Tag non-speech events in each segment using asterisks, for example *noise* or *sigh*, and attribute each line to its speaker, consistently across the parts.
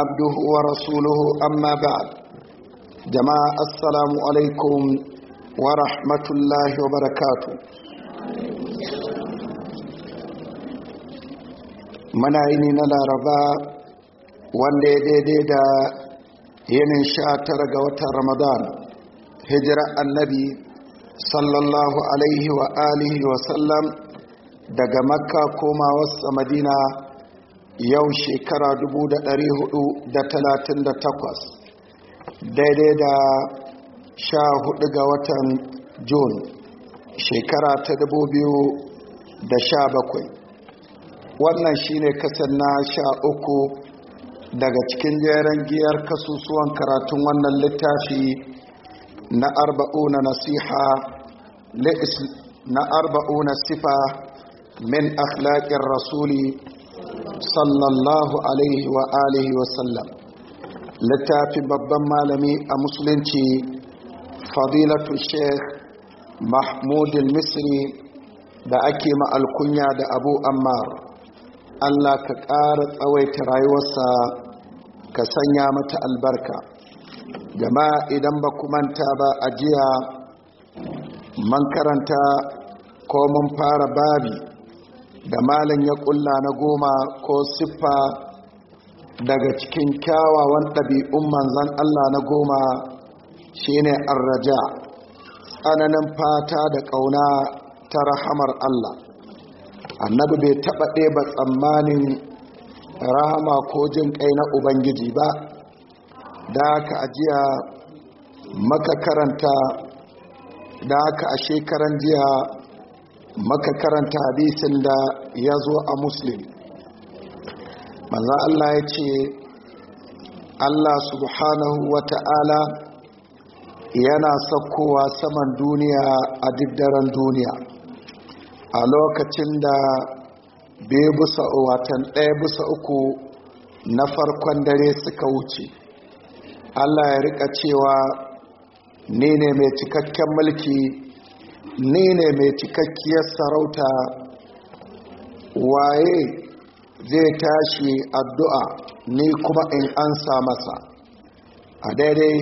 Speaker 1: عبده ورسوله أما بعد جماعة السلام عليكم ورحمة الله وبركاته mana yini na laraba wanda daidai da yinin sha tara ga watan ramadan hijira annabi sallallahu alaihi wa wa sallam daga makka komawarsa madina yau shekara 438 daidai da 14 ga watan Jun, shekara ta 2017 wannan shine kasar na sha uku daga cikin jeren giyar kasusuwan karatun wannan littafi na na nasiha na arba'una sifa min akhlaƙin rasuli sallallahu alaihi wa alihi wasallam littafi babban malami a musulunci fadilatu sheikh mahmudin misri da ake ma'alkunya da abu ammar allah ka ƙara tsawaita rayuwarsa ka sanya mata albarka jama'a idan ba manta ba a jiya man karanta ko mun fara babi da malam ya kulla na goma ko siffa daga cikin kyawawan ɗabi'un manzan Allah na goma shine arraja tsananin fata da ƙauna ta rahamar Allah annabi bai taɓa ɗeba tsammanin rahama ko jin ƙai na ubangiji ba da aka ajiya maka karanta da aka a shekaran jiya maka karanta hadisin da ya zo a muslim manzan Allah ya ce Allah subhanahu wa ta'ala yana saukowa saman duniya a duk daren duniya a lokacin da biyu busa watan ɗaya bisa uku na farkon dare suka wuce Allah ya rika cewa ni ne mai cikakken mulki ni ne mai cikakkiyar sarauta waye zai tashi addu'a ni kuma in ansa masa a daidai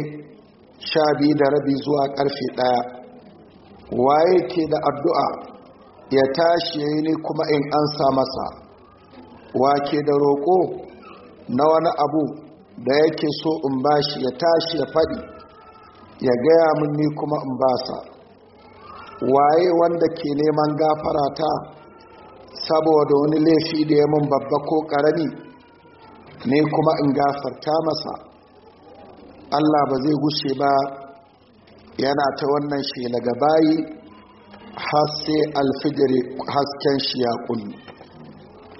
Speaker 1: sha biyu da rabi zuwa ƙarfe ɗaya waye ke da addu'a ya tashi ya yi ni kuma in ansa masa wa ke da roƙo na wani abu da yake so in bashi ya tashi ya faɗi ya gaya mun ni kuma in basa waye wanda ke neman gafara ta saboda wani laifi da ya mun babba ko karami ne kuma in gafarta masa Allah ba zai gushe ba yana ta wannan shela daga bayi har sai alfijir hasken shi ya kulli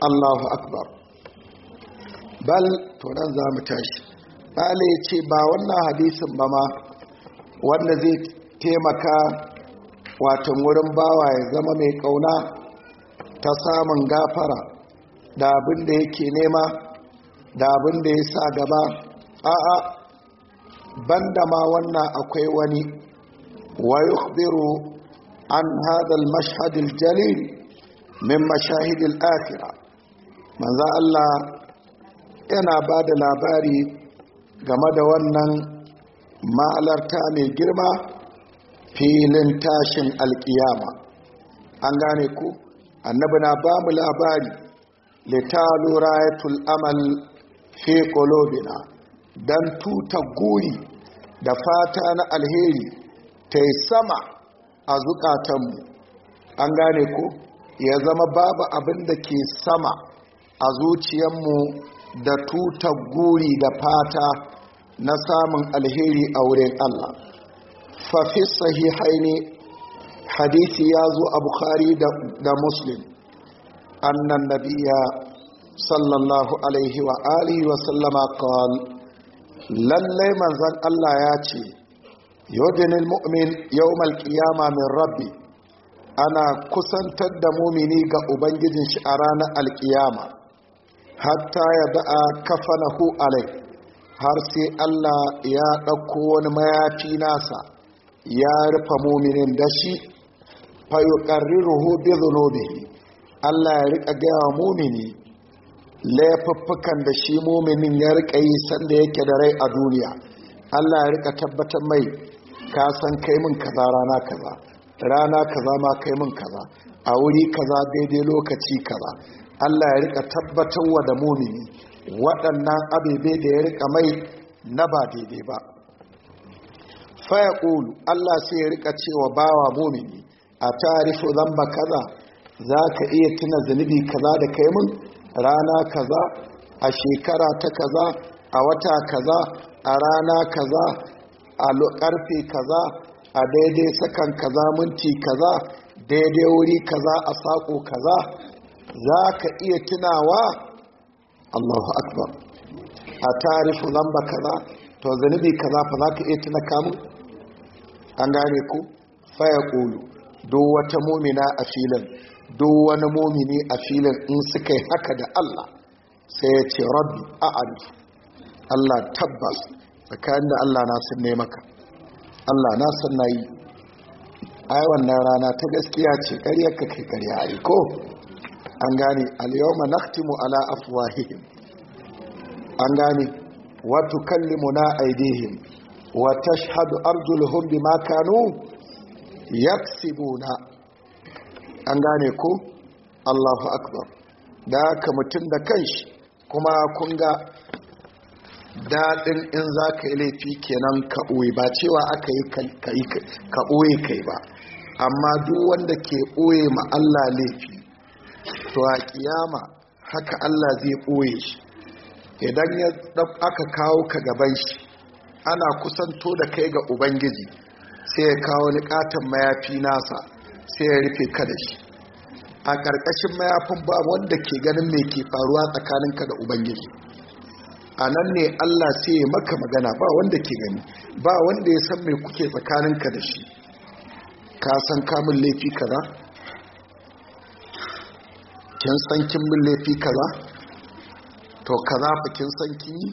Speaker 1: Allahu akbar bal to nan za mu tashi ba ya ce ba wannan hadisin ba ma wanda zai taimaka watan wurin bawa ya zama mai kauna ta samun gafara da abin da yake nema da abin da ya sa gaba a'a banda ma wannan akwai wani wa yukhbiru an hadal al jalil min mashahidin al manzo Allah yana ba da labari game da wannan ma'alarta mai girma filin tashin alkiyama an gane ku annabi na ba mu labari litalu rayatul amal fi qulubina dan tuta guri da fata na alheri ta sama a zukatanmu an gane ku ya zama babu abin da ke sama a zuciyarmu da tuta guri da fata na samun alheri a wurin Allah fafi ne hadithi ya zo a bukari da muslim annan nabiya sallallahu alaihi wa alihi wa sallama kawal lallai manzan allah ya ce yodinil mu'min yau qiyama min rabbi ana kusantar da mumini ga ubangijin shi a ranar alkiyama hatta ya da'a kafanahu alai har sai allah ya ɗauko wani mayafi nasa ya rufe muminin da shi fayuqarriruhu bi dhunubihi Allah ya rika gaya mumini laifuffukan da shi muminin ya rika yi sanda yake da rai a duniya Allah ya rika tabbatar mai ka san kai min kaza rana kaza rana kaza ma kai min kaza a wuri kaza daidai lokaci kaza Allah ya rika tabbatar wa da mumini waɗannan abebe da ya rika mai na ba daidai ba faya ƙulu allah sai ya rika cewa bawa mumini a tarifu zamba kaza za ka iya tuna zunubi kaza da kai mun rana kaza a shekara ta kaza a wata kaza a rana kaza a karfe kaza a daidai sakan kaza minti kaza daidai wuri kaza a saƙo kaza za ka iya tunawa allahu akbar a tarifu zamba kaza to zunubi kaza fa za ka iya tuna kamun an gane ku faya kulu, duk wata momina a filin duk wani momini a filin in suka yi haka da Allah sai ya ce rabbi a arif Allah tabbas tsakanin da Allah na sun ne maka Allah na sun na yi ai wannan rana ta gaskiya ce ƙaryar ka kai karya ai ko an gane al-yawma nakhtimu ala afwahihim an gane wa tukallimuna aydihim wa tashhadu arjuluhum bima kanu yaksibuna an gane ko Allahu akbar da haka mutum da kanshi kuma kun ga daɗin in za ka yi laifi kenan ka ɓoye ba cewa aka yi ka ɓoye kai ba amma duk wanda ke ɓoye ma Allah laifi to a ƙiyama haka Allah zai ɓoye shi idan aka kawo ka gaban shi ana kusanto da kai ga ubangiji sai ya kawo nikatan mayafi nasa sai ya rufe ka da shi a ƙarƙashin mayafin ba wanda ke ganin mai ke faruwa tsakaninka da ubangiji a nan ne allah sai ya maka magana ba wanda ke gani ba wanda ya san mai kuke tsakaninka da shi ka san kamun laifi kaza kin san kin min laifi kaza to kaza fa kin san kin yi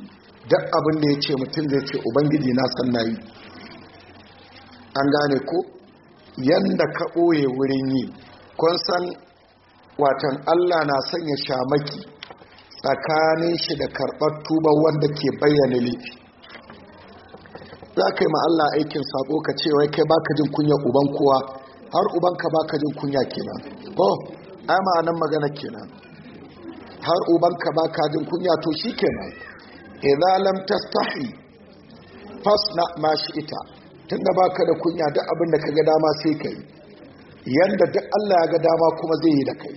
Speaker 1: duk abin da ya ce mutum zai ce ubangiji na san na yi an gane ko yadda ka ɓoye wurin yi kun san watan allah na sanya shamaki tsakanin shi da karɓar tuba wanda ke bayyana laifi za ka yi ma'alla aikin sabo ka ce wai kai baka jin kunya uban kowa har ubanka baka jin kunya kenan ko ai ma'anan magana kenan har ubanka baka jin kunya to shi kenan idza lam tastahi fasna ma ita tunda baka da kunya duk abin da kaga dama sai kai yanda duk Allah ya ga dama kuma zai yi da kai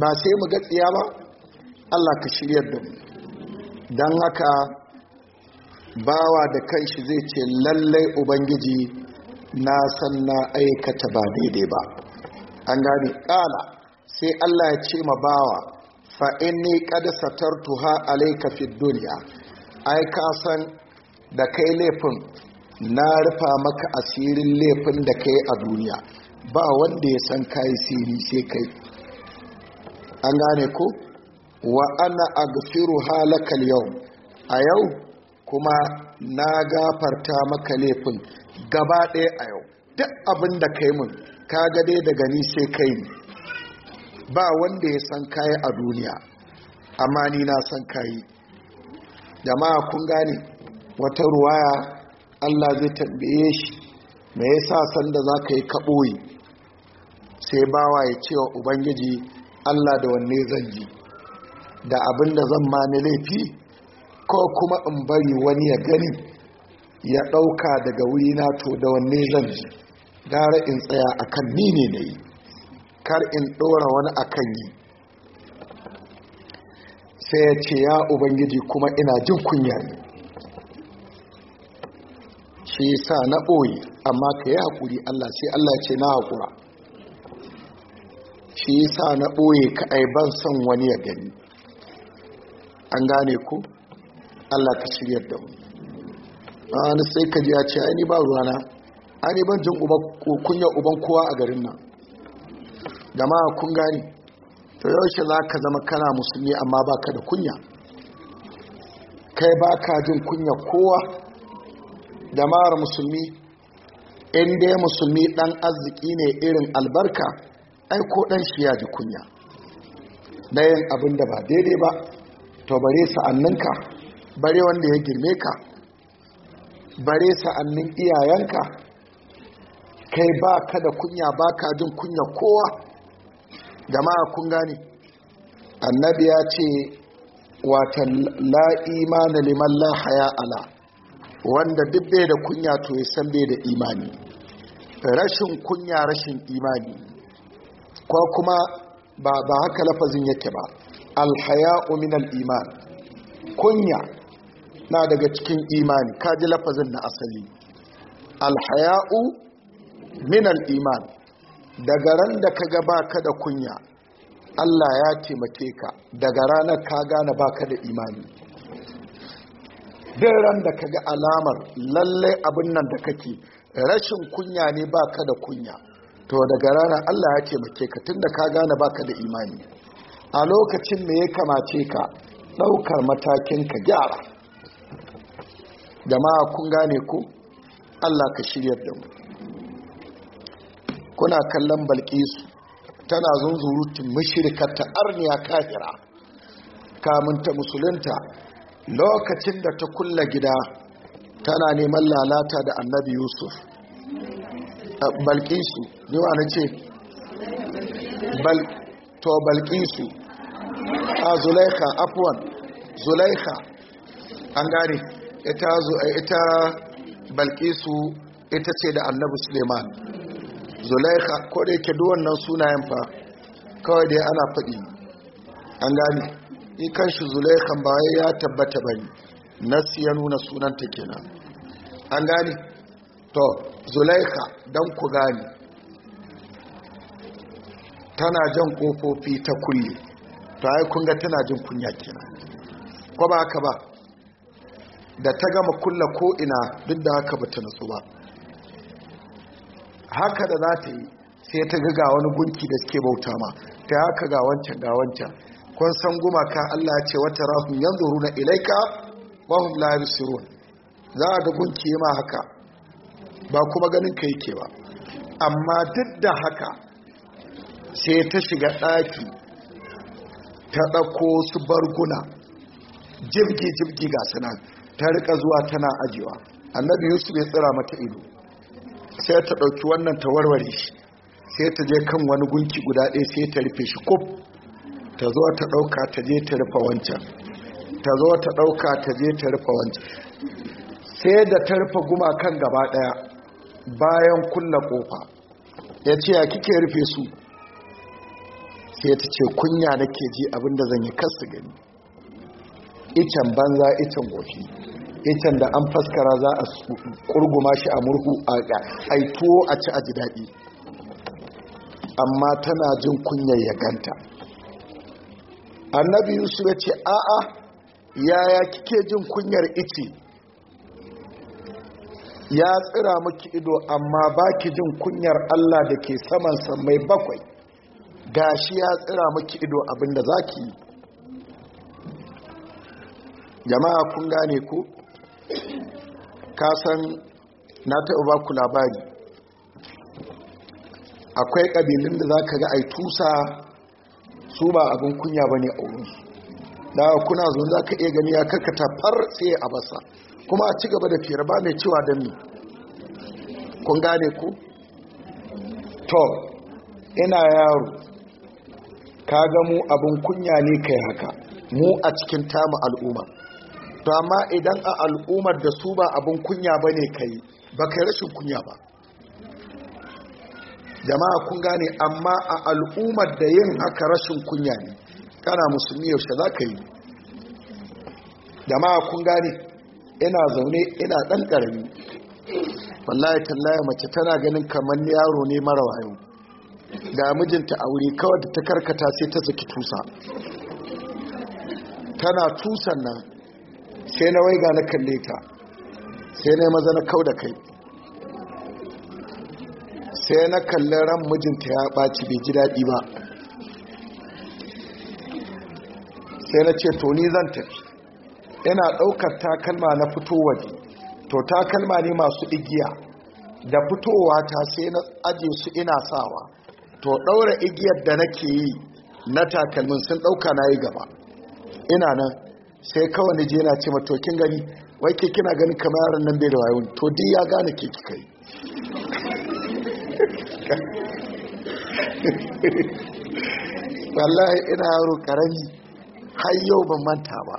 Speaker 1: ba sai mu ga tsiya ba Allah ka shiryar da mu dan haka bawa da shi zai ce lallai ubangiji na san na aikata ba daidai ba an gane kala sai Allah ya ce ma bawa fa inni qad satartuha alayka fid dunya ai ka san da kai laifin na rufa maka asirin laifin da kai a duniya ba wanda ya san kai siri sai kai an gane ko wa ana aghfiru halaka yau a yau kuma na gafarta maka laifin gaba ɗaya a yau duk abin da kai mun ka dai daga ni sai kai ba wanda ya san kayi a duniya amma ni na san kayi jama'a kun gane wata ruwaya Allah zai tambaye shi me yasa sanda ka yi kaɓoyi? sai bawa ya ce wa ubangiji Allah da wanne zan ji? da abin da zan ma ni laifi ko kuma in bari wani ya gani ya ɗauka daga wuri na to da wanne zan ji gara in tsaya akan ni ne na yi kar in ɗora wani akan yi sai ya ce ya ubangiji kuma ina jin kunya ne shi sa na ɓoye amma ka yi haƙuri allah sai allah ce na haƙura shi sa na ɓoye ka aiban son wani ya gani an gane ku allah ka shirya da mu wani sai ka ji ya ce ainihin ni ba ruwana na. ni ban jin kunya uban kowa a garin nan jama'a kun gani to yaushe za ka zama kana musulmi amma ba ka da kunya kai baka jin kunya kowa jama'ar musulmi inda ya musulmi dan arziki ne irin albarka ai ko dan shi ya ji kunya na yin abin da ba daidai ba to bare sa'anninka bare wanda ya girme ka bare sa'annin iyayenka kai ba ka da kunya ba ka jin kunya kowa jama'a kun gane annabi ya ce wata la imana liman la haya ala wanda duk bai da kunya to ya san bai da imani rashin kunya rashin imani ko kuma ba ba haka lafazin yake ba alhaya'u min al-iman kunya na daga cikin imani kaji lafazin na asali alhaya'u min al-iman daga ran da ka ga baka da kunya Allah ya taimake ka daga ranar ka gane baka da imani duk ran da ka ga alamar lallai abin nan da kake rashin kunya ne baka da kunya to daga ranar Allah ya taimake ka tun da ka gane baka da imani a lokacin me ya kamace ka ɗaukar matakin ka gyara jama'a kun gane ku Allah ka shiryar da mu kuna kallon balkisu tana zunzurutun mashirkar ta arniya kafira kamun ta musulunta lokacin da ta kulla gida tana neman lalata da annabi yusuf balkisu ne wa na ce to balkisu a zulaika Afwan, zulaika an gane ita balkisu ita ce da annabi suleiman zulaikha ko da yake duk wannan sunayen fa kawai dai ana faɗi an gane ni kanshi zulaika ba ya tabbata bane nasi ya nuna sunan ta kenan an gane to zulaikha dan ku gane tana jan kofofi ta kulle to ai kun ga tana jin kunya kenan ko ba haka ba da ta gama kulla ko ina duk da haka bata nutsu ba haka da za ta yi sai ta ga ga wani gunki da suke bauta ma ta haka ga wancan ga wancan kun san gumaka Allah ya ce wata yanzu runa ilaika wa hum la yusirun za ga gunki ma haka ba kuma ganin ka yake ba amma duk da haka sai ta shiga ɗaki ta ɗauko su barguna jibgi jibgi ga sanan ta rika zuwa tana ajiwa annabi yusuf ya tsira mata ido sai ta ɗauki wannan ta warware shi sai ta je kan wani gunki guda ɗaya sai ta rufe shi kuf ta zo ta ɗauka ta je ta rufe wancan ta zo ta ɗauka ta je ta rufe wancan sai da ta rufe kan gaba ɗaya bayan kulla ƙofa ya ce ya kike rufe su sai ta ce kunya nake ji abinda zan yi kasu gani icen banza icen gofi itan da an faskara za a kurguma shi a murhu a aituwo a ci a ji daɗi amma tana jin kunyar ya ganta annabi yusuf ya ce a'a yaya kike jin kunyar ice ya tsira miki ido amma baki jin kunyar allah da ke saman samai bakwai gashi ya tsira miki ido abinda za ki yi jama'a kun gane ku kasan na taɓa ba ku labari akwai ƙabilun da za ka ga ai tusa su ba abin kunya ba ne a wurinsu da kuna zuwa za ka iya gani ya karkata far sai a basa kuma a ci gaba da fiyar ba mai cewa don ni kun gane ku to ina yaro ka ga mu abin kunya ne kai haka mu a cikin tamu al'umma to amma idan a al'ummar da su ba abin kunya ba ne kai ba kai rashin kunya ba jama'a kun gane amma a al'ummar da yin haka rashin kunya ne kana musulmi yaushe za ka yi jama'a kun gane ina zaune ina ɗan ƙarami wallahi tallaya mace tana ganin kamar yaro ne mara wayo ga mijinta a wuri kawai da ta karkata sai ta zaki tusa tana tusan nan sai na waiga na kalle ta sai na maza na kau da kai sai na kalli ran mijinta ya ɓaci bai ji daɗi ba sai na ce to ni zan tafi ina ɗaukar takalma na fito waje to takalma ne masu igiya da fitowa ta sai na aje su ina sawa to ɗaura igiyar da nake yi na takalmin sun ɗauka na yi gaba ina nan sai kawai je yana ce mata kin gani wai ke kina gani kamar yaran nan bai da wayo to dai ya gane ke kika yi
Speaker 2: *laughs* wallahi
Speaker 1: ina yaro karami har yau ban manta ba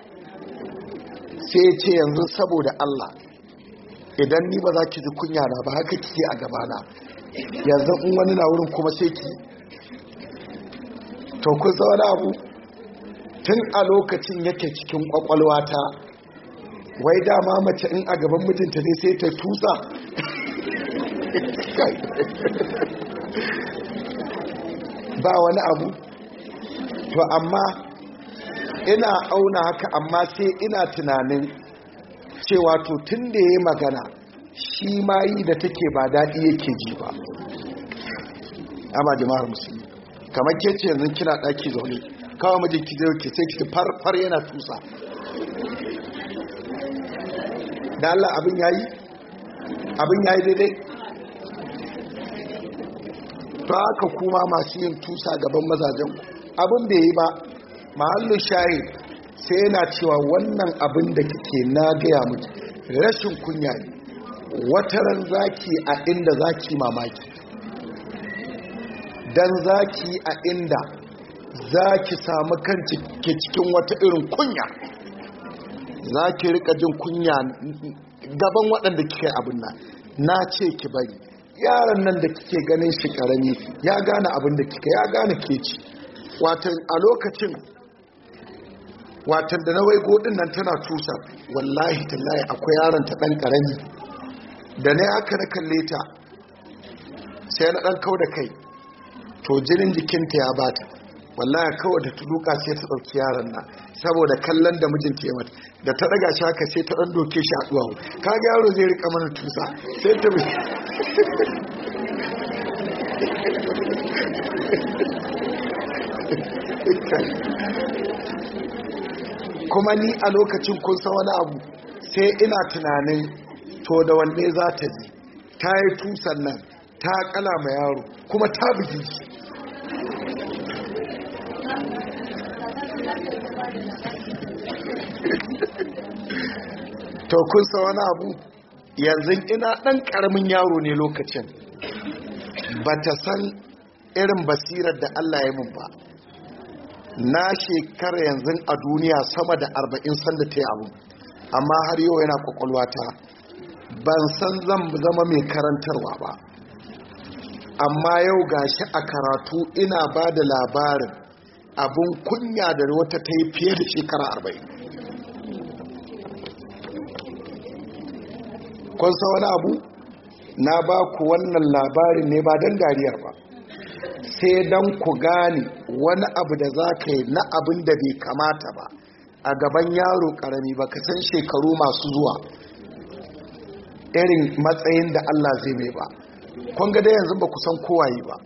Speaker 1: sai ya ce yanzu saboda Allah idan ni ba za ki ji kunya na ba haka kike a gabana yanzu in wani na wurin kuma sai ki to kun na abu tun a lokacin yake cikin kwakwalwata wai dama mace in a gaban mijinta ne sai ta tusa *laughs* ba wani abu to amma ina auna haka amma sai ina tunanin cewa to tun da ya magana shi ma yi da take ba daɗi yake ji ba amma jama'ar musulmi kamar ke ce yanzu kina ɗaki zaune kawo majin ki zai ke sai ki farfar yana tusa da Allah abin yayi abin yayi daidai ba ka kuma masu yin tusa gaban mazajen abin da yi ba mahallin shayi sai yana cewa wannan abin da kike na gaya miki rashin kunya ne wataran zaki a inda zaki mamaki dan zaki a inda za ki samu kanci ke cikin wata irin kunya za ki rika jin kunya gaban waɗanda kika abin nan na ce ki bari yaran nan da kike ganin shi karami ya gane abin da kika ya gane ke ci watan a lokacin watan da na wai din nan tana tusa wallahi tallahi akwai yaron ta ɗan karami da ne aka na kalle ta sai na ɗan kau da kai to jinin jikinta ya bata wallahi kawai da tuluka sai ta ɗauki yaron nan saboda kallon da mijin ke mata da ta daga shi haka sai ta ɗan doke shi a duwawu ga yaro zai rika mana tusa sai ta bi kuma ni a lokacin kun san wani abu sai ina tunanin to da wanne za ta ji ta yi tusan nan ta kala ma yaro kuma ta bugi shi to kun sa wani abu yanzu ina ɗan karamin yaro ne lokacin ba ta san irin basirar da Allah ya mun ba na shekara yanzu a duniya sama da arba'in sanda ta yi abu amma har yau yana kwakwalwa ta ban san zan zama mai karantarwa ba amma yau gashi a karatu ina ba da labarin abun kunya da wata ta yi fiye da shekara arba'in kun wani abu na ba ku wannan labarin ne ba don dariyar ba sai don ku gane wani abu da za ka yi na abin da bai kamata ba a gaban yaro karami ba ka san shekaru masu zuwa irin matsayin da allah zai mai ba kun yanzu ba ku san kowaye ba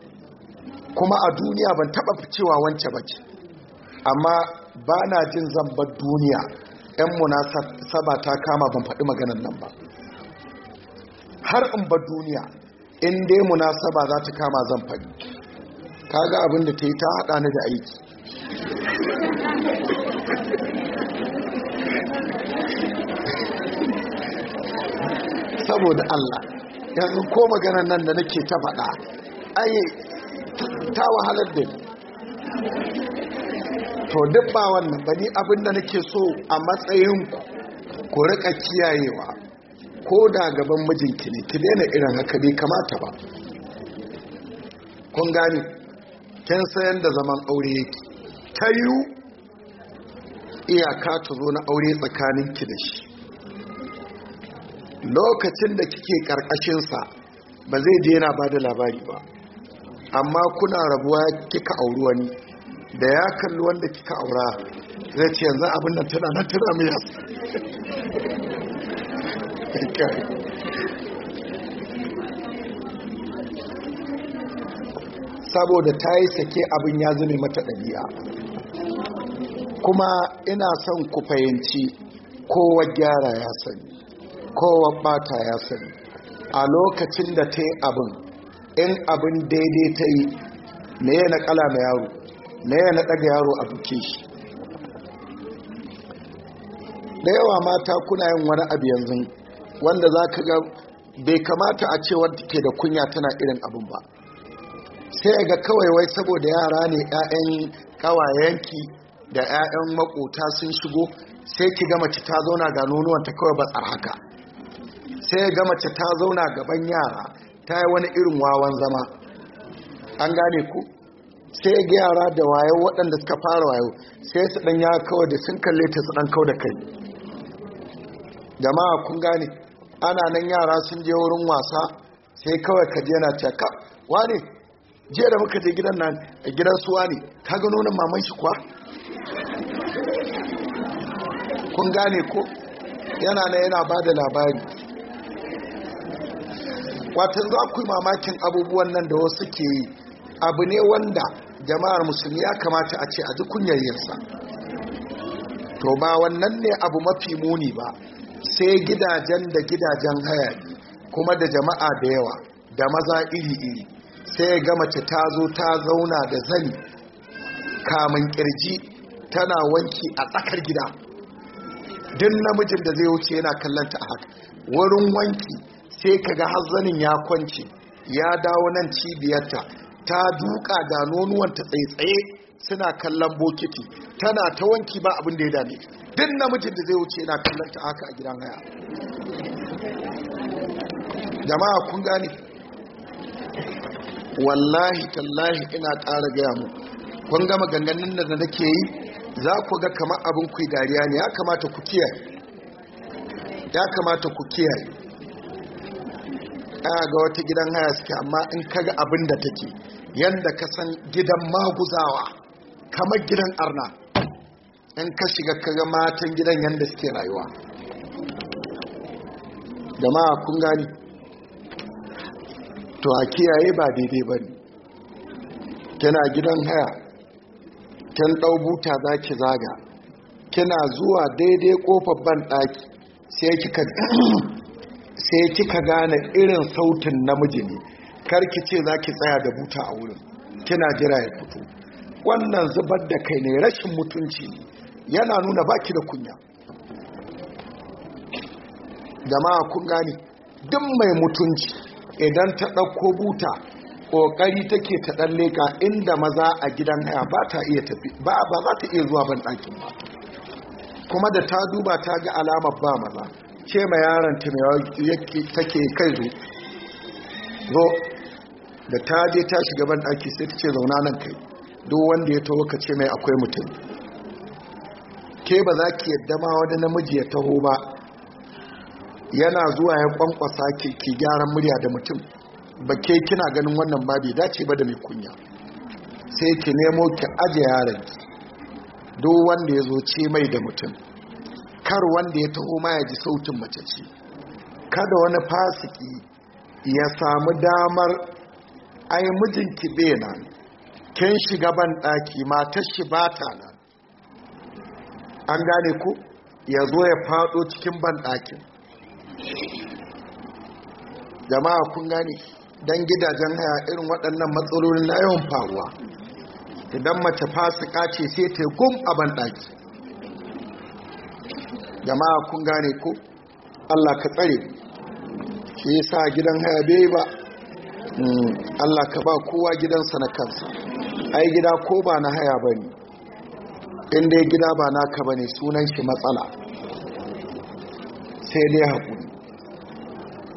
Speaker 1: kuma a duniya ban taba cewa wance bace amma ba na jin zambar duniya yan munasaba ta kama ban faɗi maganar nan ba har in ba duniya in dai munasaba za ta kama zan faɗi kaga abin da ta yi ta haɗa ni da aiki saboda Allah yanzu ko maganar nan da nake ta faɗa ai ta wahalar da ni to duk ba wannan ba ni abinda nake so a matsayin ku rika kiyayewa ko da gaban mijinki ne ki daina irin haka bai kamata ba kun gani kin sayan da zaman aure yake ta yiwu iyaka ta zo na aure tsakaninki da shi lokacin da kike karkashinsa ba zai daina ba da labari ba amma kuna rabuwa kika auri wani da ya kalli wanda kika aura zai ce yanzu abin nan tana na tana
Speaker 2: yasu
Speaker 1: saboda ta yi sake abin ya zame mata ɗabi'a kuma ina son ku fahimci kowa gyara ya sani kowa bata ya sani a lokacin da ta yi abin in abin daidai ta yi na yana kala ma yaro na yana daga yaro a buke shi da yawa mata kuna yin wani abu yanzu wanda za ka ga bai kamata a ce wadda ke da kunya tana irin abin ba sai ga kawai wai saboda yara ne 'ya'yan kawayenki da 'ya'yan makota sun shigo sai ki ga mace ta zauna ga nonuwanta kawai ba tsar haka sai ga mace ta zauna gaban yara ta yi wani irin wawan zama an gane ku sai ya yara da wayo waɗanda suka fara wayo sai su ɗan ya kawai da sun kalle ta su ɗan kawai da kai jama'a kun gane ana nan yara sun je wurin wasa sai kawai ka je na caka wani jiya da muka je gidan nan gidan su wani ka gano nan maman shi kuwa kun gane ko yana na yana ba da labari watan za ku yi mamakin abubuwan nan da wasu ke yi abu ne wanda jama'ar musulmi ya kamata a ce a ji kunyayyarsa to ba wannan ne abu mafi muni ba sai gidajen da gidajen haya kuma da jama'a da yawa da maza iri-iri sai ga mace ta zo ta zauna da zani kamun kirji tana wanki a tsakar gida din namijin da zai wuce yana kallanta a haka wurin wanki sai kaga hazzanin ya kwance ya dawo nan cibiyarta ta duka ga nonuwanta tsaye-tsaye suna kallon bokiti tana ta wanki ba abin da ya dame duk namijin da zai wuce yana kallon ta haka a gidan haya jama'a kun gane wallahi tallahi ina ƙara gaya mu kun gama ganganin da nake yi za ku ga kamar abin ku dariya ne ya kamata ku kiyaye ya kamata ku kiyaye kaya ga wata gidan haya suke amma in kaga abin da take yadda ka san gidan maguzawa kamar gidan arna in ka shiga kaga matan gidan yadda suke rayuwa a kun gani to a kiyaye ba daidai ba ne tana gidan haya can ɗau buta za ki zaga kina zuwa daidai kofar ban ɗaki sai kika sai kika gane irin sautin namiji ne karki ce za ki tsaya da buta a wurin kina jira ya fito wannan zubar da kai ne rashin mutunci yana nuna baki da kunya jama'a kun gani duk mai mutunci idan ta ɗauko buta ƙoƙari take ta ɗan leƙa inda maza a gidan haya ba ta iya tafi ba ba za ta iya zuwa ban ɗakin ba kuma da ta duba ta ga alamar ba maza ce ma yaron ta yake take kai zo zo da ta je ta shiga ban daki sai ta ce zauna nan kai duk wanda ya taho ka ce mai akwai mutum ke ba za ki yadda ma wani namiji ya taho ba yana zuwa ya kwankwasa ki gyaran murya da mutum ba ke kina ganin wannan ba bai dace ba da mai kunya sai ki nemo ki aje yaran duk wanda ya zo ce mai da mutum kar wanda ya taho ma ya ji sautin mace ce kada wani fasiki ya samu damar ai mijinki bai nan kin shiga ban daki matar shi ba nan an gane ku ya zo ya fado cikin ban dakin jama'a kun gane don gidajen haya irin waɗannan matsalolin na yawan faruwa idan mace fasika ce sai ta gum a banɗaki jama'a kun gane ko Allah ka tsare shi yasa gidan haya bai ba hmm, Allah ka ba kowa gidansa na kansa ai gida ko ba na haya bane in dai gida ba naka bane sunan shi matsala sai dai hakuri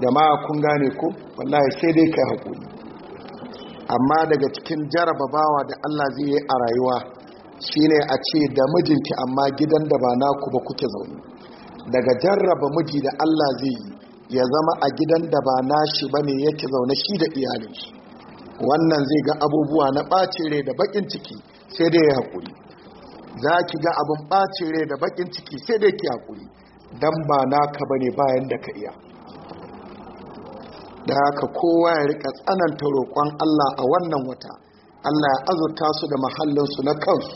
Speaker 1: jama'a kun gane ko wallahi sai dai kai hakuri amma daga cikin bawa da Allah zai yi a rayuwa shine a ce da mijinki amma gidan da ba naku ba kuke zaune daga jarraba miji da Allah zai yi ya zama a gidan da ba nashi bane yake zaune shi da iyalin wannan zai ga abubuwa na ɓacin rai da bakin ciki sai dai ya hakuri za ki ga abun ɓacin rai da bakin ciki sai dai ki hakuri dan ba naka bane bayan da ka iya da haka kowa ya rika tsananta roƙon Allah a wannan wata Allah ya azurta su da mahallinsu na kansu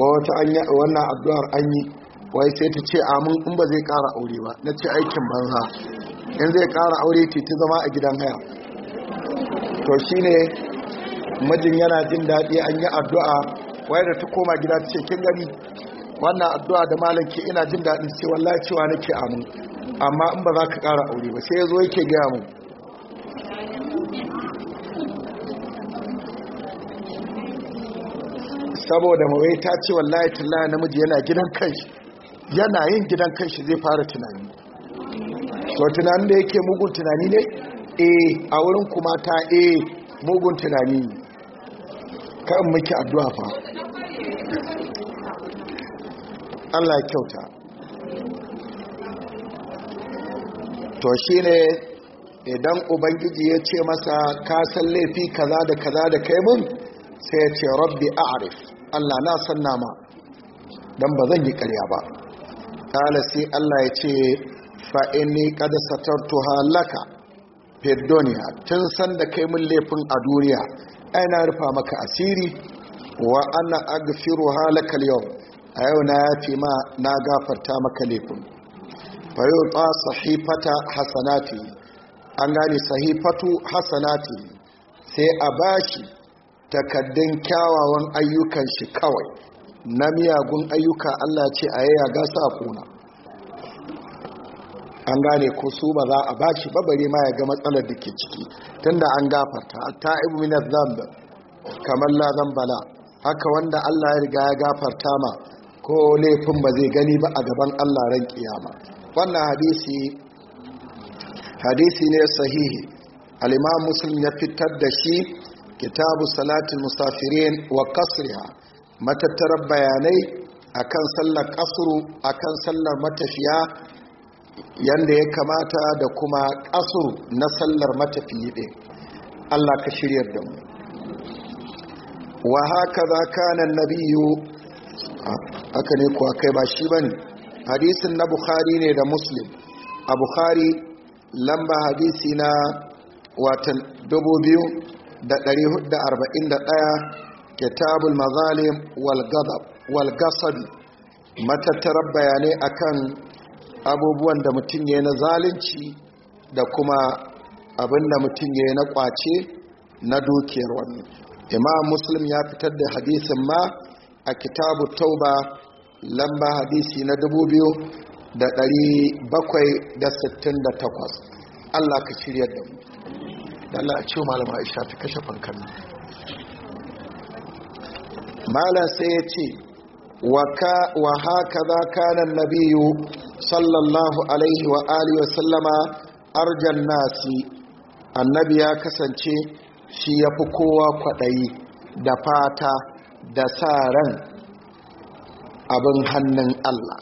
Speaker 1: wata wannan addu'ar an yi wai sai ta ce amin in ba zai ƙara aure ba na ce aikin banza in zai kara aure ce ta zama a gidan haya to shi ne mijin yana jin daɗi an yi addu'a wai da ta koma gida ta ce kin gani wannan addu'a da malanki ina jin daɗin ce wallahi cewa nake amin amma in ba za ka kara aure ba sai ya zo yake gaya mu saboda mawai ta ce wallahi tallaya namiji yana gidan kai. yana yin gidan kanshi zai fara tunani so tunanin da yake mugun tunani ne eh a wurin kuma ta eh mugun tunani kan muke addu'a fa Allah kyauta to shine idan ubangiji ya ce masa ka san laifi kaza da kaza da kai mun sai ya ce rabbi a'rif Allah na san nama dan ba zan yi ƙarya ba kala sai Allah ya ce fa inni qad satartuha laka fi dunya tun san da kai mun laifin a duniya ai na rufa maka asiri wa ana aghfiruha laka al-yawm a yau na ya fi ma na gafarta maka laifin fa ta sahifata hasanati an gani sahifatu hasanati sai a bashi takaddun kyawawan ayyukan shi kawai na miyagun ayyuka Allah ce a yaya gasa a kuna an gane ko su ba za a bashi babare ma ya ga matsalar da ke ciki tunda an gafarta ta ibu minar zambar kamar lazan bala haka wanda Allah ya riga ya gafarta ma ko laifin ba zai gani ba a gaban Allah ran kiyama wannan hadisi hadisi ne sahihi al-imam ya fitar da shi kitabu salatul musafirin wa qasriha matattarar bayanai akan sallar kasuru akan sallar matafiya yadda ya kamata da kuma kasuru na sallar matafiya ɗin Allah ka shiryar da mu wa haka za kanan A haka ne kuwa kai ba shi ba ne hadisin na bukhari ne da muslim a bukhari lamba hadisi na watan 2441 kitabul mazalim wal gasad matattarar bayanai akan abubuwan da mutum ya na zalunci da kuma abinda da mutum ya na kwace na dukiyar wani imam muslim ya fitar da hadisin ma a kitabu tauba lamba hadisi na da da 2768 allah ka shirya da mu Allah a ce malama aisha ta kashe fankan malam sai ya ce wa haka za kanan nabiyu sallallahu alaihi wa alihi wasallama arjan nasi annabi ya kasance shi ya fi kowa kwaɗayi da fata da sa ran abin hannun Allah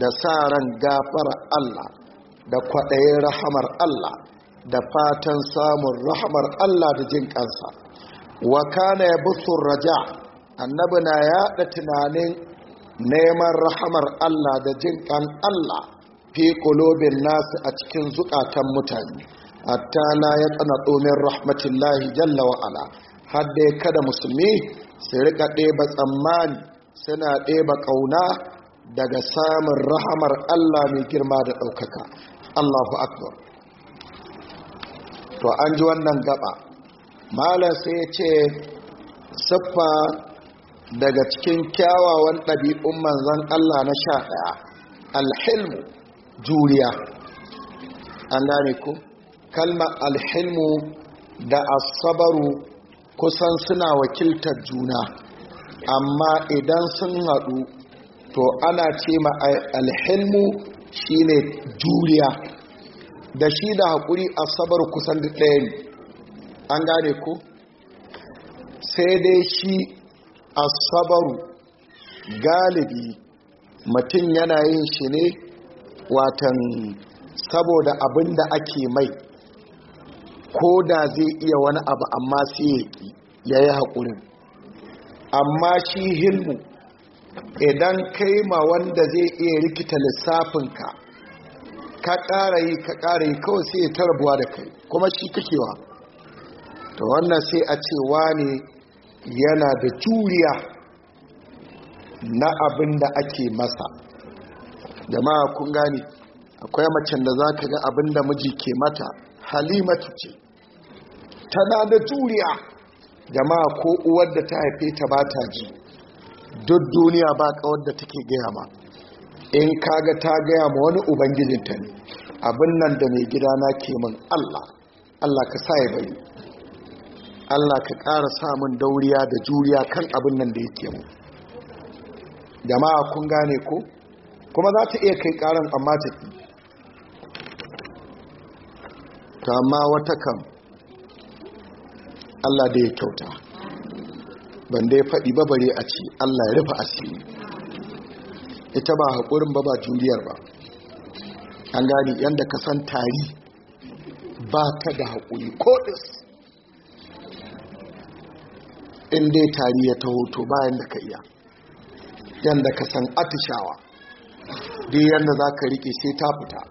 Speaker 1: da sa ran gafar Allah da kwaɗayin rahamar Allah da fatan samun rahamar Allah da jin kansa wa kana ya busur raja' annabi na yaɗa tunanin neman rahamar Allah da jin kan Allah fi kulobin nasu a cikin zukatan mutane hatta na ya tsana tsomin rahmatullahi jalla wa'ala har ya kada musulmi su rika ɗeba tsammani suna ɗeba ƙauna daga samun rahamar Allah mai girma da ɗaukaka Allahu akbar to an ji wannan gaba malam sai ya ce siffa daga cikin kyawawan ɗabi'un manzan Allah na sha ɗaya alhilmu juriya an gane ku kalma alhilmu da asabaru kusan suna wakiltar juna amma idan sun haɗu to ana ce ma alhilmu shine juriya da shi da haƙuri Asabaru kusan ɗaya ne an gane ku sai dai shi asabaru galibi mutum yana yin shi ne watan saboda abin da ake mai ko da zai iya wani abu amma sai ya yi haƙurin amma shi hilmu idan kai ma wanda zai iya rikita lissafinka ka ƙara yi ka ƙara yi kawai sai ya tarbuwa da kai kuma shi kakewa to wannan sai a cewa ne yana da juriya na abin da ake masa jama'a kun gani akwai macen da za ka ga abin da miji ke mata halimatu ce tana da juriya jama'a ko uwar da ta haife ta ba ta ji duk duniya ba kawar da take gaya ma in kaga ta gaya ma wani ubangijinta ne abin nan da mai gidana ke min allah allah ka sa ya bari Allah ka ƙara samun dauriya da juriya kan abin nan da yake mu jama'a kun gane ko kuma za ta iya kai ƙaran amma ta ƙi ta ma wata kan Allah da ya kyauta ban da ya faɗi babare a ce Allah ya rufe asiri ita ba haƙurin ba ba juriyar ba an gani yadda ka san tari ba ta da haƙuri ko in dai tari ya taho to bayan da ka iya yadda ka san atishawa duk yadda za ka riƙe sai ta fita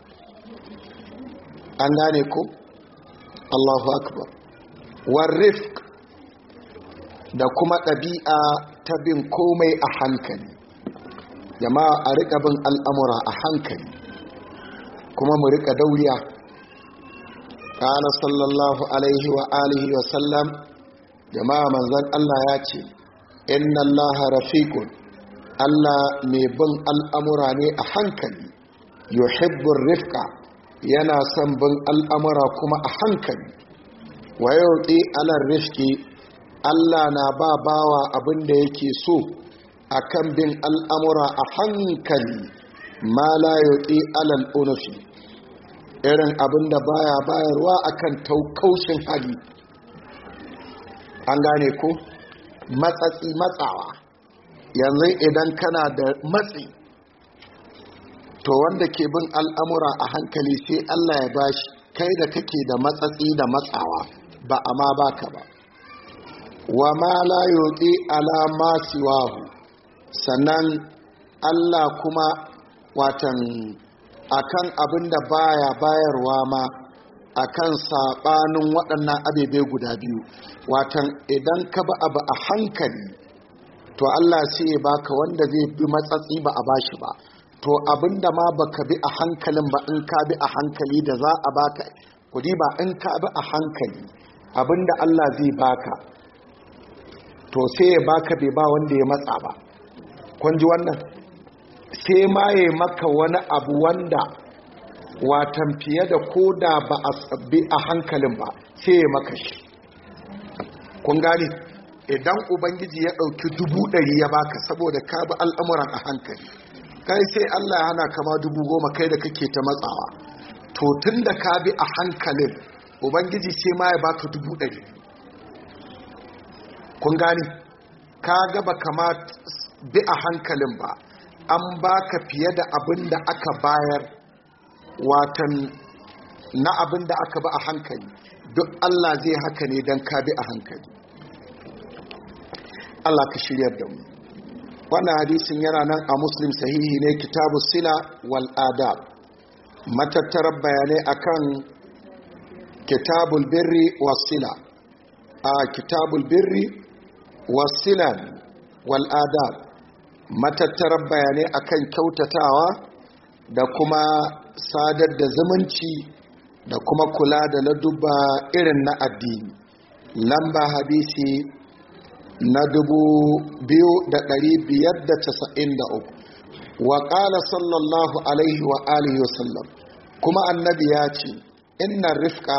Speaker 1: an gane ko allahu akbar warrif da kuma ɗabi'a ta bin komai a hankali jama'a a riƙa bin al'amura a hankali kuma mu riƙa dauriya ƙana sallallahu alaihi wa alihi wa sallam jama'a manzan Allah ya ce inna Allah rafiqun Allah mai bin al'amura ne a hankali yuhibbur rifqa yana son bin al'amura kuma a hankali wa Alan alar rifqi Allah na ba bawa abin da yake so akan bin al'amura a hankali ma la yauti unufi irin abin da baya bayarwa akan taukaushin hali an gane ko matsatsi matsawa yanzu idan kana da matsi to wanda ke bin al'amura a hankali sai Allah ya bashi kai da kake da matsatsi da matsawa ba a ma baka ba wa ma la yuti ala ma siwahu sannan Allah kuma watan akan abin da baya bayarwa ma a kan saɓanin waɗannan abebe guda biyu watan idan ka ba abu a hankali to allah sai ya baka wanda zai bi matsatsi ba a bashi ba to abinda ma baka bi a hankalin ba in ka bi a hankali da za a baka kudi ba in ka bi a hankali abinda allah zai baka to sai ya baka bai ba wanda ya matsa ba kun ji wannan sai ma ya maka wani abu wanda watan fiye da koda ba a sabbi a hankalin ba sai ya maka shi kun gane idan ubangiji ya ɗauki dubu ɗari ya baka saboda ka bi al'amuran a hankali kai sai allah na kama dubu goma kai da kake ta matsawa to tun da ka bi a hankalin ubangiji ce ma ya baka dubu ɗari kun gane ka gaba kama bi a hankalin ba an baka fiye da abin da aka bayar watan na abin da aka ba a hankali duk Allah zai haka ne don ka bi a hankali Allah ka shiryar da mu wannan hadisin yana nan a muslim sahihi ne kitabu sila wal adab matattarar bayanai akan kitabul birri wasila a kitabul birri wasilan wal adab matattarar bayanai akan kyautatawa da kuma sadar da zumunci da kuma kula da laduba irin na addini lamba hadisi na 2593 wa ƙala sallallahu alaihi wa alihi wasallam kuma annabi ya ce inna rifka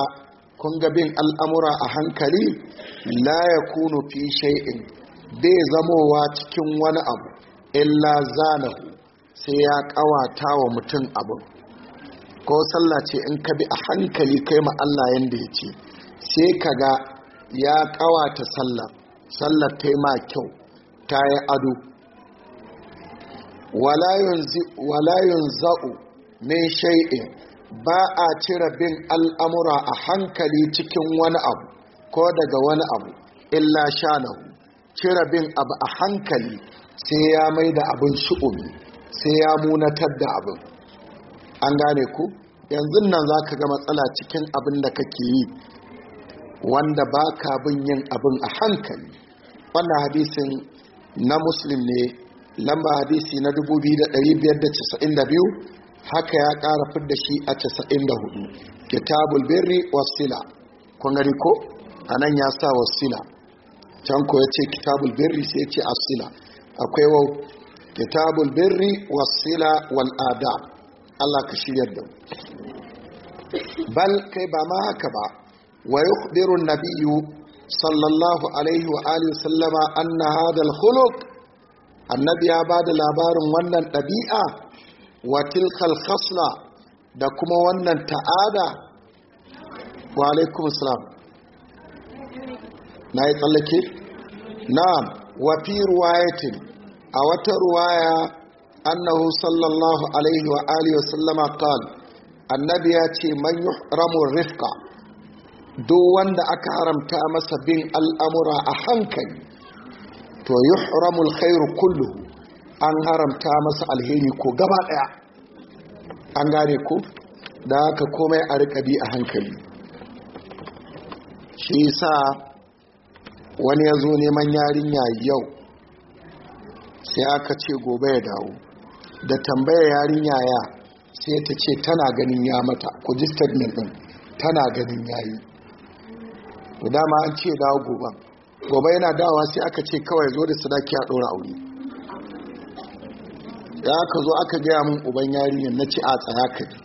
Speaker 1: kun bin al'amura a hankali la ya kunu fi shay'in bai zamowa cikin wani abu illa zanahu sai ya kawata wa mutum abin ko sallah ce in ka bi a hankali kai ma Allah yanda ya ce sai ka ga ya kawata sallah sallar ta yi ma kyau ta yi ado walayun za'u min shai'in ba a cire bin al'amura a hankali cikin wani abu ko daga wani abu illa sha nahu, cire bin abu a hankali sai ya mai da abin su'umi. sai ya munatar da abin an gane ku yanzu nan za ka ga matsala cikin abin da kake yi wanda ba ka bin yin abin a hankali wannan hadisin na muslim ne lamba hadisi na 2592 haka ya ƙara fidda shi a 94 kitabul birri wasila kun gari ko a nan ya sa wasila can ko ya ce kitabul birri sai ce asila akwai wau كتاب البر والصلة والآداب الله كشي يدو بل كيبا ما هكبا ويخبر النبي صلى الله عليه وآله وسلم أن هذا الخلق النبي بعد الأبار ونن الطبيعة وتلك الخصلة دكما ونن تعادة وعليكم السلام alaikum salam na yi tsallake a wata ruwaya annahu sallallahu alaihi wa alihi sallama qal annabi ya ce man yuhramu rifqa duk wanda aka haramta masa bin al'amura a hankali to yuhramu alkhairu kullu an haramta masa alheri ko gaba daya an gane ku da haka komai a rika bi a hankali shi yasa wani ya zo neman yarinya yau sai aka ce gobe ya dawo da tambaya yarinya ya sai ta ce tana ganin ya mata ku ji statement din tana ganin yayi to dama an ce dawo gobe gobe yana dawa sai aka ce kawai zo da sadaki a ɗora aure ya aka zo aka gaya min uban yarinyar na ce a tsaya ka ji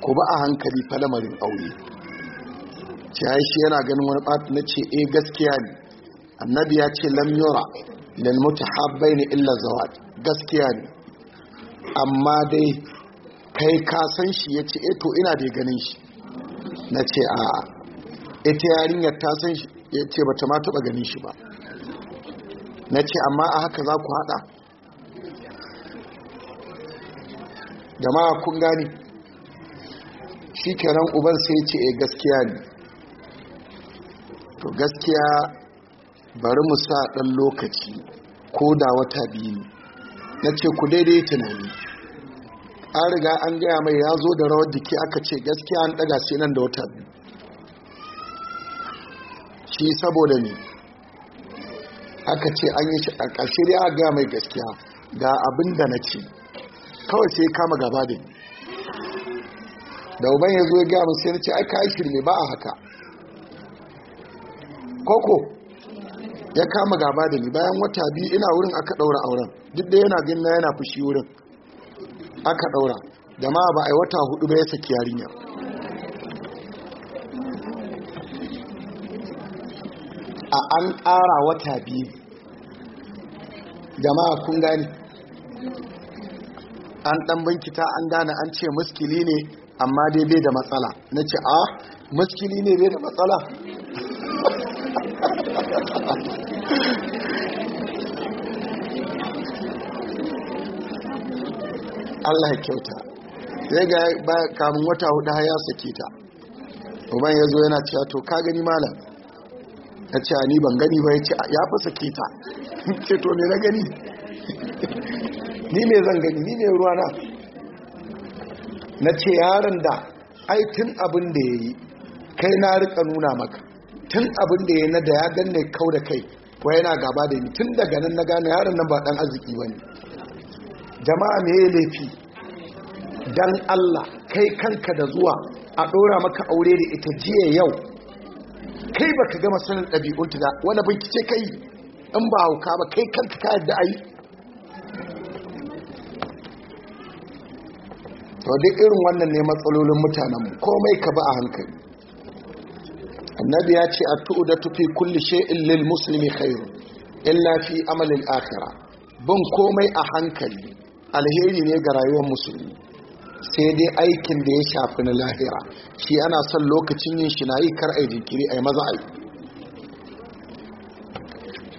Speaker 1: ku ba a hankali fa lamarin aure ce shi yana ganin wani ɓata na ce eh gaskiya ne annabi ya ce lam lil ne illa zawad gaskiya ne amma dai kai ka san shi yace ce eh to ina da ganin shi nace a ita yarinyar ta san shi yace bata ma taba ganin shi ba nace amma a haka za ku hada jama'a kun gani kenan uban sai ce eh, gaskiya ne to gaskiya bari mu sa ɗan lokaci ko da wata biyu ne na ce ku daidai tunani an riga an gaya mai ya zo da rawar jiki aka ce gaskiya an ɗaga sai nan da wata biyu shi saboda ne aka ce an yi shi a ƙarshe ya gaya mai gaskiya ga abin da na ce kawai sai kama gaba da ni da uban ya zo ya gaya mai sai na ce ai yi shirme ba a haka koko ya kama gaba da ni bayan wata biyu ina wurin aka daura auren duk da yana gina yana fushi wurin aka daura da ma ba a yi wata hudu ba ya saki yarinya a an ƙara wata biyu jama'a kun gani an ɗan binkita an gane an ce muskili ne amma dai bai da matsala na ce a ah, muskili ne bai da matsala Allah ya kyauta zai ga ba kamun wata hudu ya sake ta uban ya zo yana cewa to ka gani malam ta ce ni ban gani ba ya ce ya fi sake ta *laughs* ce to ne na gani *laughs* ni ne zan gani ni ne ruwana na ce yaron da ai tun abin da ya yi kai na rika nuna maka tun abin da ya na da ya danne kau da kai wa yana gaba da ni tun daga nan na gane yaron nan ba dan arziki ba ne jama'a mai ya laifi don Allah kai kanka da zuwa a ɗora maka aure da ita jiya yau kai baka gama sanin ɗabi'unta da wani bincike kai in ba hauka ba kai kanka ka yadda a yi to duk irin wannan ne matsalolin mutanenmu komai ka ba a hankali annabi ya ce a tu'u da tufi kulli shay'in lil musulmi khairu illa fi amalin akira bin komai a hankali alheri ne ga rayuwar musulmi sai dai aikin da ya shafi na lahira shi ana son lokacin yin shi na yi kar a jikiri a yi maza a yi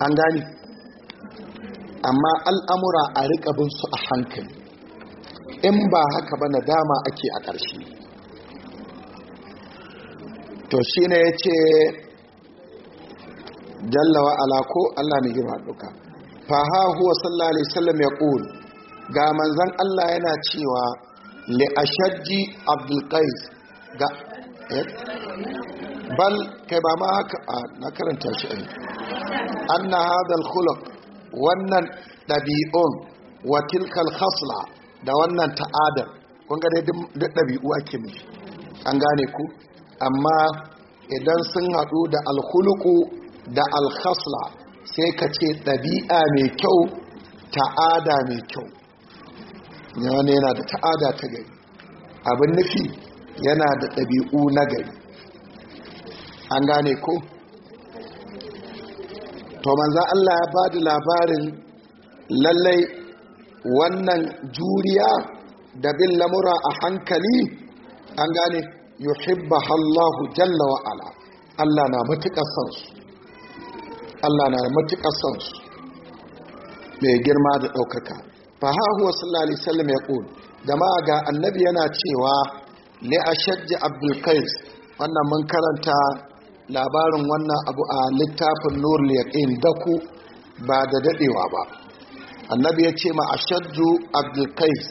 Speaker 1: an gani amma al'amura a rika bin su a hankali in ba haka ba nadama ake a ƙarshe to shi ne ya ce jallawa alako allah mai girma duka ha huwa sallallahu alaihi wasallam ya ƙuri ga manzan Allah yana cewa li ashajji abdul ga eh? bal kai ba ma haka na karanta shi ne anna na al khuluq wannan dabi'un wa khasla da wannan ta'adar kun ga dai duk dabi'u ake mishi an gane ku amma idan sun haɗu da al da alkhasla sai ka ce dabi'a mai kyau ta'ada mai kyau yana yana da ta'ada ta gari abin nufi yana da ɗabi'u na gari an gane ko to manzan Allah ya ba da labarin lallai wannan juriya da bin lamura a hankali an gane yuhibba hallahu jalla wa Allah na matuƙa sansu Allah na matuƙar sansu mai girma da ɗaukaka faha huwa sallallahu alaihi wasallam ya qul jama'a ga annabi yana cewa li ashajj abdul qais wannan mun karanta labarin wannan abu a littafin nur yaqin daku ba da dadewa ba annabi ya ce ma ashajj abdul qais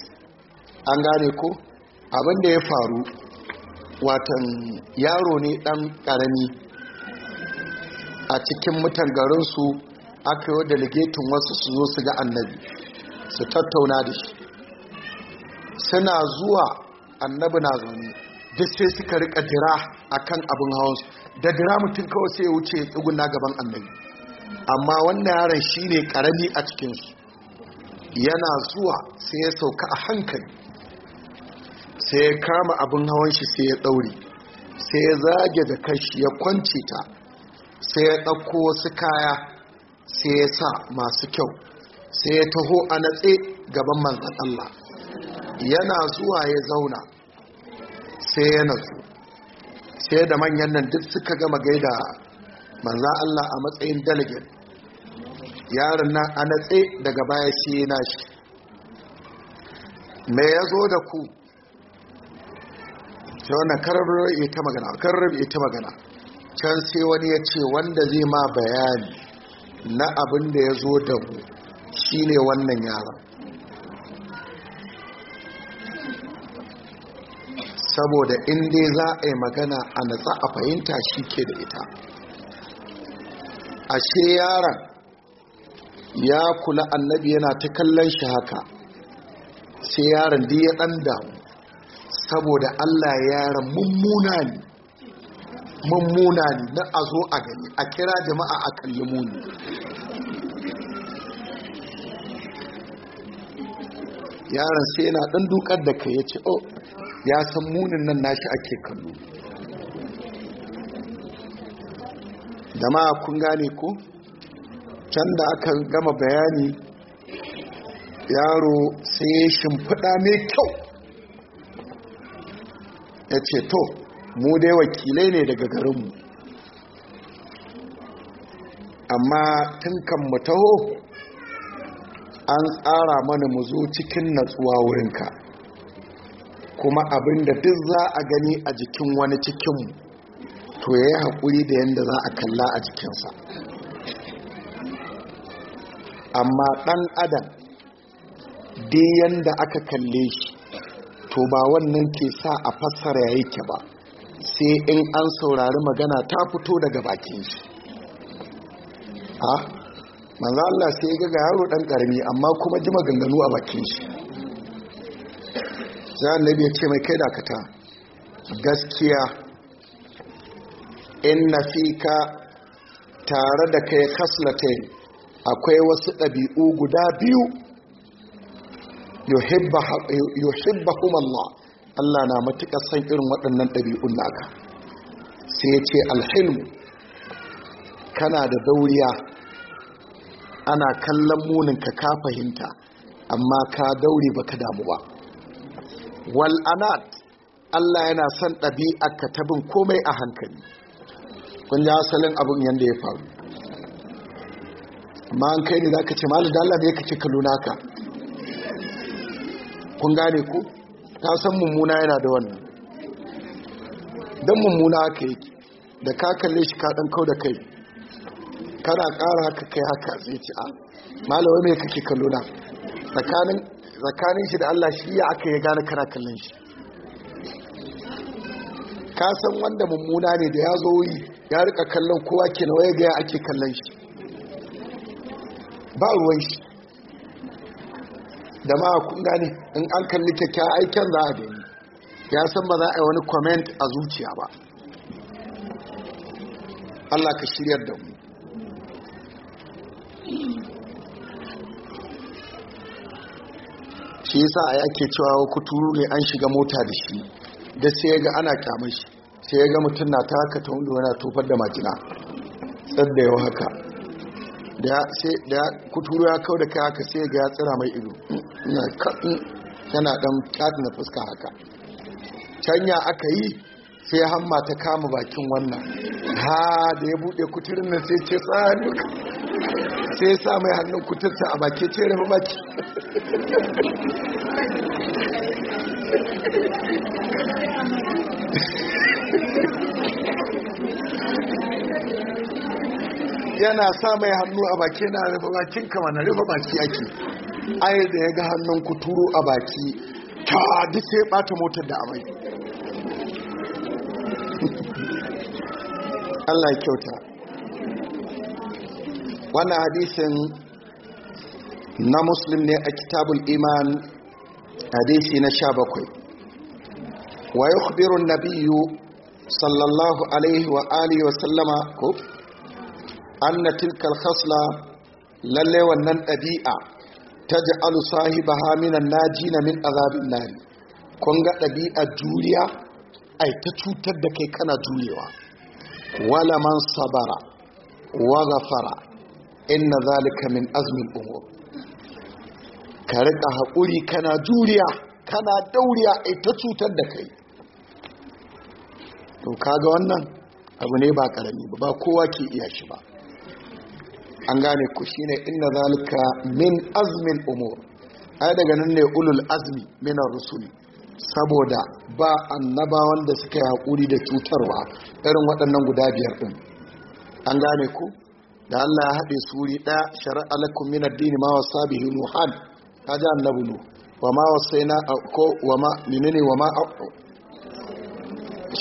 Speaker 1: an gane ko abin da ya faru watan yaro ne dan karami a cikin mutan garinsu aka yi wa delegatin wasu su zo su ga annabi su tattauna da shi suna zuwa annabi na zaune duk sai suka rika dira akan abin hawansu da jira mutum kawai sai ya wuce tsuguna gaban annabi amma wannan yaron ne karami a cikinsu yana zuwa sai ya sauka a hankali sai ya kama abin hawan shi sai ya ɗaure sai ya zage da kashi ya kwanci ta sai ya ɗauko wasu kaya sai ya sa masu kyau sai ya taho a natse gaban manzan Allah yana zuwa ya zauna sai ya natsu sai da manyan nan duk suka gama gaida manzan Allah a matsayin delegate yaron nan a natse daga baya shi yana shi me ya zo da ku ta wannan kararrabe ita magana ita magana can sai wani ya ce wanda zai ma bayani na abin da ya zo da ku shi ne wannan yaron saboda inda za a yi magana a natsa a fahimta shi ke da ita ashe yaron ya kula annabi yana ta kallon shi haka sai yaron da ya ɗan damu saboda allah yaran mummuna ne mummuna ne na a zo a gani a kira jama'a a kalli
Speaker 2: muni
Speaker 1: yaron sai yana dan dukar da kai yace oh ya san munin nan nashi ake kallo jama'a kun gane ko can da aka gama bayani yaro sai ya shimfiɗa mai kyau ya ce to mu dai wakilai ne daga garinmu amma tun kan mu taho an tsara mana mu zo cikin natsuwa wurinka kuma abinda duk za a gani a jikin wani cikinmu to ya yi haƙuri da yadda za a kalla a jikinsa amma ɗan adam dai yadda aka kalle shi to ba wannan ke sa a fassara ya yake ba sai in an saurari magana ta fito daga bakin shi ah? manzo Allah sai ga ga yaro dan karami amma kuma ji maganganu a bakin shi sai annabi ya ce mai kai dakata gaskiya in inna ka tare da kai kaslatai akwai wasu ɗabi'u guda biyu kuma Allah Allah na matuƙa san irin waɗannan ɗabi'un naka sai ya ce alhilmu kana da dauriya ana kallon munin ka ka fahimta amma ka daure baka damu ba wal anat Allah yana son ɗabi'ar ka ta bin komai a hankali kun ji asalin abin yadda ya faru amma an kai ne za ka ce malu da Allah ne ka ce ka. kun gane ku ta san mummuna yana da wannan don mummuna ka yi da ka kalle shi ka ɗan kau da kai kana kara haka kai haka zai ci a ah, malawai mai kake kallo na tsakanin shi da Allah shi ya aka ya gane kana kallon shi ka san wanda mummuna ne da ya zo yi ya rika kallon kowa ke na waya gaya ake kallon shi ba ruwan shi da ma kun gane in an kalli kyakkyar aikin za a gani ya san ba za a yi wani comment a zuciya ba Allah ka shiryar da mu shi yasa a yake cewa kuturu ne an shiga mota da shi da sai ga ana kyamar shi sai ga mutum na ta haka ta wanda yana tofar da makina tsadda yau haka da kuturu ya kau da kai haka sai ga ya tsira mai ido mm, yana dan katin na fuska haka canya aka yi sai hamma ta kama bakin wannan ha da ya buɗe kuturin nan sai ce tsanuka sai ya sa mai hannun kutarsa a baki ce rafi baki yana sa mai hannu a baki na rufe bakin kama na rufe baki ake ayar da ya ga hannun kuturu a baki ta duk sai bata motar da amai *laughs* Allah kyauta wannan hadisin na muslim ne a kitabul iman hadisi na sha bakwai wa yi kubirun nabiyu sallallahu alaihi wa alihi wa sallama ko an na tilkal hasla lalle wannan ɗabi'a ta ji alusahi ba haminan naji na min azabin nari kun ga ɗabi'a juriya ai ta cutar da kai kana jurewa wala man sabara wa gafara inna zalika min azmin umur ka rika haƙuri kana juriya kana dauriya ai ta cutar da kai to kaga wannan abu ne ba karami ba kowa ke iya shi ba an gane ku shine inna zalika min azmin umur ai daga nan ne ulul azmi min ar-rusuli saboda ba annabawan da suka yi haƙuri da cutarwa irin waɗannan guda biyar ɗin an gane ku da Allah ya haɗe suri ɗaya shari'a lakum min addini ma wasa bihi nuhan ji annabi nu wa ma wasaina ko wa ma minene wa ma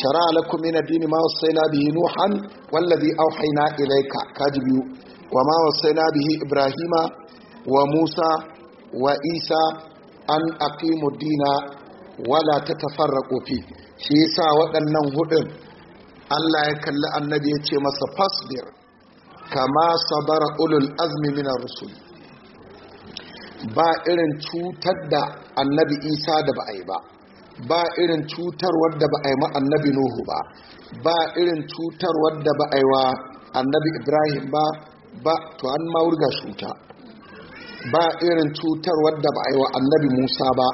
Speaker 1: shari'a lakum min addini ma wasaina bihi nuhan wallazi ilaika, ka ji biyu wa ma wasaina bihi ibrahima wa musa wa isa an aqimu dina wala tatafarraqu fi shi yasa waɗannan hudun Allah ya kalli annabi ya ce masa fasbir kama sabara ulul azmi min rusul ba irin cutar da annabi isa da ba a yi ba ba irin cutar wadda ba a yi ma annabi nuhu ba ba irin cutar wadda ba a yi wa annabi ibrahim ba ba to an ma wurga shuta ba irin cutar wadda ba a yi wa annabi musa ba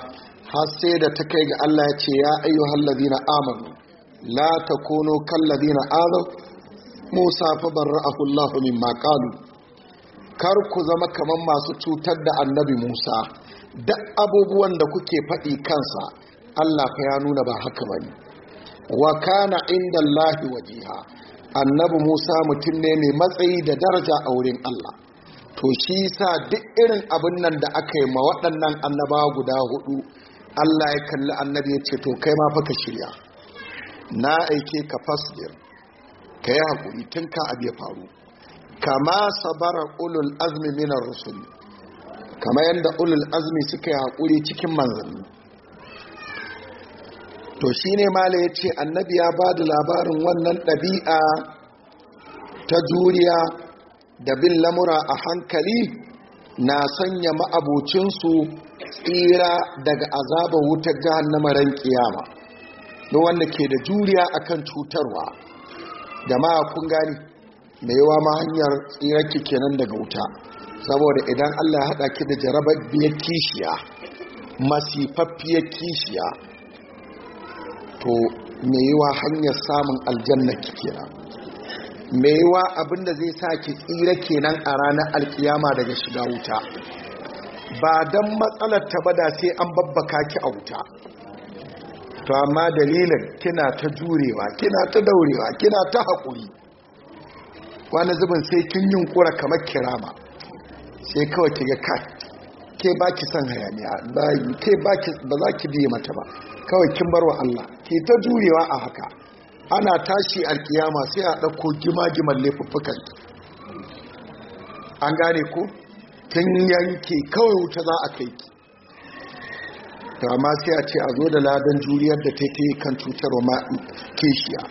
Speaker 1: har sai da ta kai ga allah ya ce ya ayyuhallazina amanu la takunu kallazina azaw musa fa barra'ahu Allah ma qalu kar ku zama kamar masu cutar da annabi musa duk abubuwan da kuke faɗi kansa Allah fa ya nuna ba haka bane wa kana inda Allah wajiha annabi musa mutum ne mai matsayi da daraja a wurin Allah to shi sa duk irin abin nan da aka yi ma waɗannan annabawa guda hudu Allah ya kalli annabi ya ce to kai ma fa ka shirya na aike ka fasdir ka yi haƙuri tun ka abu ya faru kama sabara ulul azmi minar rusul kama yadda ulul azmi suka yi haƙuri cikin manzanni to shi ne mala ya ce annabi ya ba da labarin wannan ɗabi'a ta juriya da bin lamura a hankali na sanya ma'abocinsu tsira daga azabar wutar gahannama maran kiyama da wanda ke da juriya akan cutarwa jama'a kun gani mai yawa ma hanyar tsirarki kenan daga wuta saboda idan Allah ya haɗa ki da jarabar biyar kishiya masifaffiyar kishiya to mai yawa hanyar samun aljanna kenan mai yawa abinda zai sa ki tsira kenan a ranar alkiyama daga shiga wuta ba don matsalar ta bada sai an babbaka ki a wuta to amma dalilin kina ta jurewa kina ta daurewa kina ta haƙuri wani zubin sai kin yin kura kamar kirama sai kawai ki ga kai ke ba ki son hayaniya ke ba za ki biye mata ba kawai kin barwa Allah ke ta jurewa a haka ana tashi alkiyama sai a ɗauko gima-giman laifuffukan an gane ko kin yanke kawai wuta za a kai ki to amma sai a ce a zo da ladan juriyar da ta yi kan cutar ma keshiya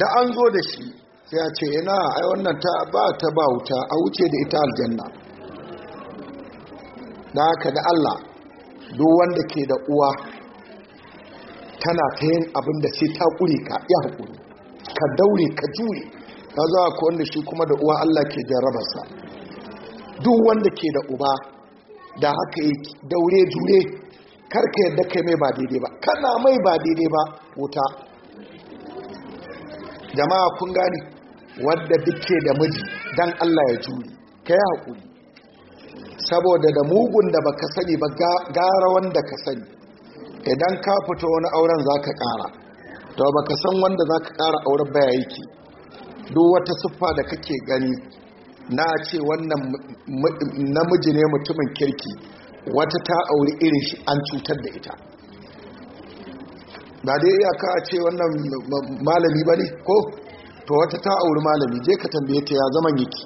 Speaker 1: da an zo da shi sai a ce ina ai wannan ta ba ta ba wuta a wuce da ita aljanna da haka da Allah duk wanda ke da uwa tana ta yin abin da sai ta ƙure ka ya haƙuri ka daure ka jure ta zo a da shi kuma da uwa Allah ke jarrabarsa duk wanda ke da uba da haka yake daure jure karka yadda kai mai ba daidai ba kana mai ba daidai ba wuta jama'a kun gani wadda duke da miji dan Allah ya juri kai haƙuri saboda da mugun da baka sani ba gara wanda ka sani idan ka fito wani auren zaka ƙara to baka san wanda zaka kara auren baya yake duk wata siffa da kake gani na ce wannan namiji ne mutumin kirki wata ta auri irin shi an cutar da ita ba dai iyaka a ce wannan malami ba ne ko to wata ta auri malami je ka tambaye ta ya zama yake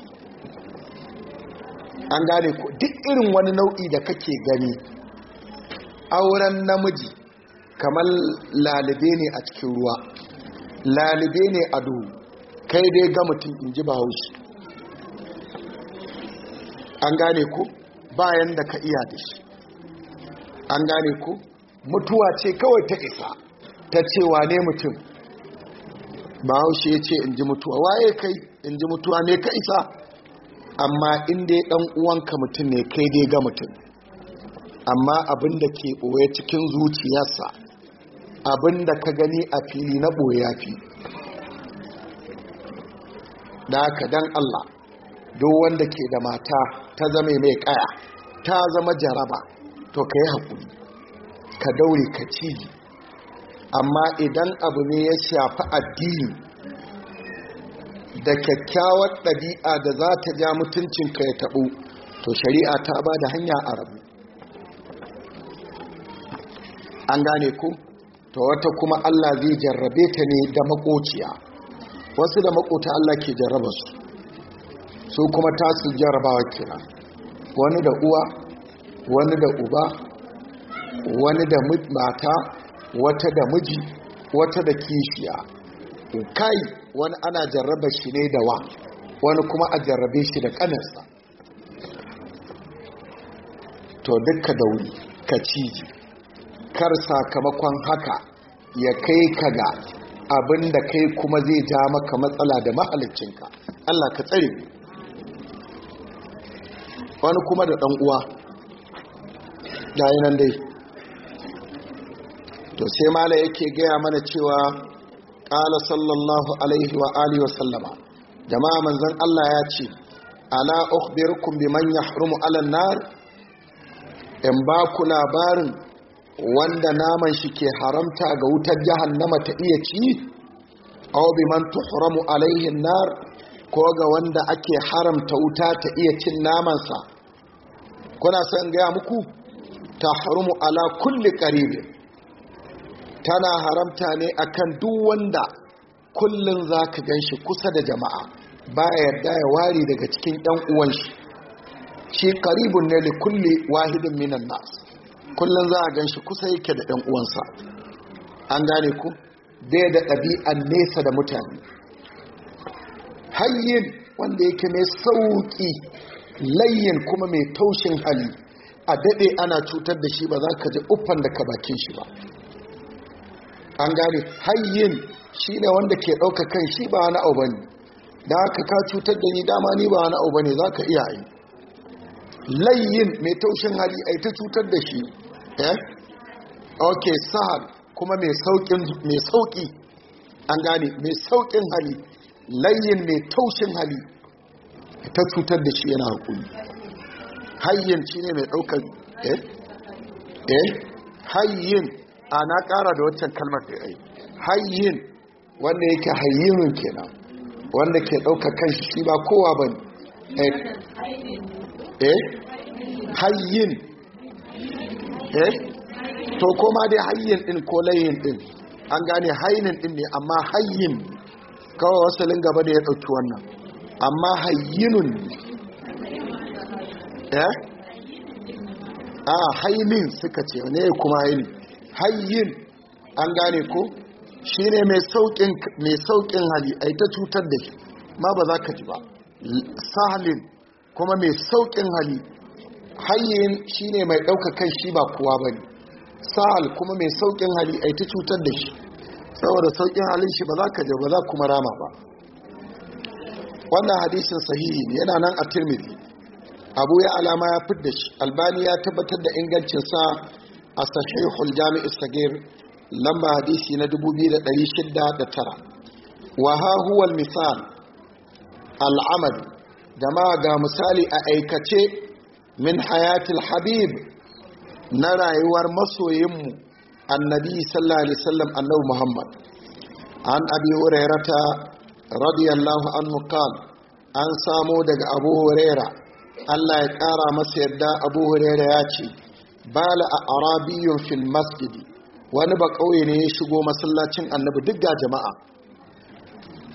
Speaker 1: an gane ko duk irin wani nau'i da kake gani auren namiji kamar lalibe ne a cikin ruwa lalibe ne a duhu kai dai ga mutum in ji bahaushe an gane ko bayan da ka iya da shi an gane ku mutuwa ce kawai ta isa ta cewa ne mutum bahaushe ya ce in ji mutuwa waye kai in ji mutuwa ne ka isa amma inda ya ɗan uwanka mutum ne kai dai ga mutum amma abin da ke ɓoye cikin zuciyarsa abin da ka gani a fili na ɓoye ya fi da haka don allah duk wanda ke da mata ta zame mai kaya ta zama jaraba to ka yi haƙuri ka daure ka ciji amma idan abu ne ya shafi addini da kyakkyawar ɗabi'a da za ta ja mutuncinka ya taɓo to shari'a ta ba da hanya a rabu an gane ku to wata kuma allah zai jarrabe ta ne da makociya wasu da makota allah ke jarraba su su kuma tasu jarrabawa kira wani da uwa wani da uba wani da mata wata da miji wata da kishiya kai wani ana jarraba shi ne da wa wani kuma a jarrabe shi da ƙaninsa. to dukka da wuri ka ciji kar sakamakon haka ya kai ka ga abin da kai kuma zai ja maka matsala da mahalicinka Allah ka tsare wani kuma da ɗan'uwa. uwa da nan dai to sai mala yake gaya mana cewa ƙala sallallahu alaihi wa alihi wa sallama jama'a manzon Allah ya ce ala ukhbirukum biman yahrumu ala nar in ba ku labarin wanda naman shi ke haramta ga wutar jahannama ta iya ci aw biman tuhramu alaihi nar ko ga wanda ake haramta wuta ta iya cin namansa kuna son gaya muku ta harumu ala kulli karibin tana haramta ne akan duk wanda kullum za ka gan kusa da jama'a ba yarda ya wari daga cikin 'yan uwan shi shi karibin ne li kulli wahidin minan nas kullum za a gan kusa yake da ɗan uwansa an gane ku bai da ɗabi'an nesa da mutane hayyin wanda yake mai sauƙi layin kuma mai taushin hali a daɗe ana cutar da shi ba za ka ji uffan da ka bakin shi ba an gane hayyin shi ne wanda ke ɗauka kan shi ba wani abu ne da haka ka cutar da ni dama ni ba wani abu ne za ka iya yi Layin mai taushin hali a ta cutar da shi eh ok sahal kuma mai sauƙi an mai sauƙin hali layin mai taushin hali ta cutar da shi yana hakuri hayyin shi ne mai daukar eh eh hayyin ana na ƙara da wancan kalmar da ya hayyin wanda yake hayyinin kenan wanda ke daukar kanshi shi ba kowa ba ne
Speaker 2: eh? Eh? hayyin eh? to
Speaker 1: koma dai hayyin ɗin ko layin ɗin an gane hainin ɗin ne amma hayyin kawai wasalin gaba da ya ɗauki wannan amma hayyinun eh a hailin suka ce ne kuma haili hayyin an gane ko shi ne mai sauƙin hali a ta cutar da shi ma ba za ka ji ba sahalin kuma mai sauƙin hali hayyin shi ne mai ɗaukakan shi ba kuwa ba ne sahal kuma mai sauƙin hali a ta cutar da shi saboda saukin halin shi ba za ka ba za kuma rama ba wannan hadisin sahihi ne yana nan a tirmidhi abu ya alama ya fidda shi albani ya tabbatar da ingancinsa a sahihul jami'is sagir lamba hadisi na 2609 wa ha huwa misal Da ma ga misali a aikace min hayatil habib na rayuwar masoyinmu annabi sallallahu alaihi annabi muhammad an abi hurairata radiyallahu anhu qal an samo daga abu huraira Allah ya ƙara masa yadda abu huraira ya ce bala a arabiyyun fil masjidi wani ba kauye ne ya shigo masallacin annabi duk ga jama'a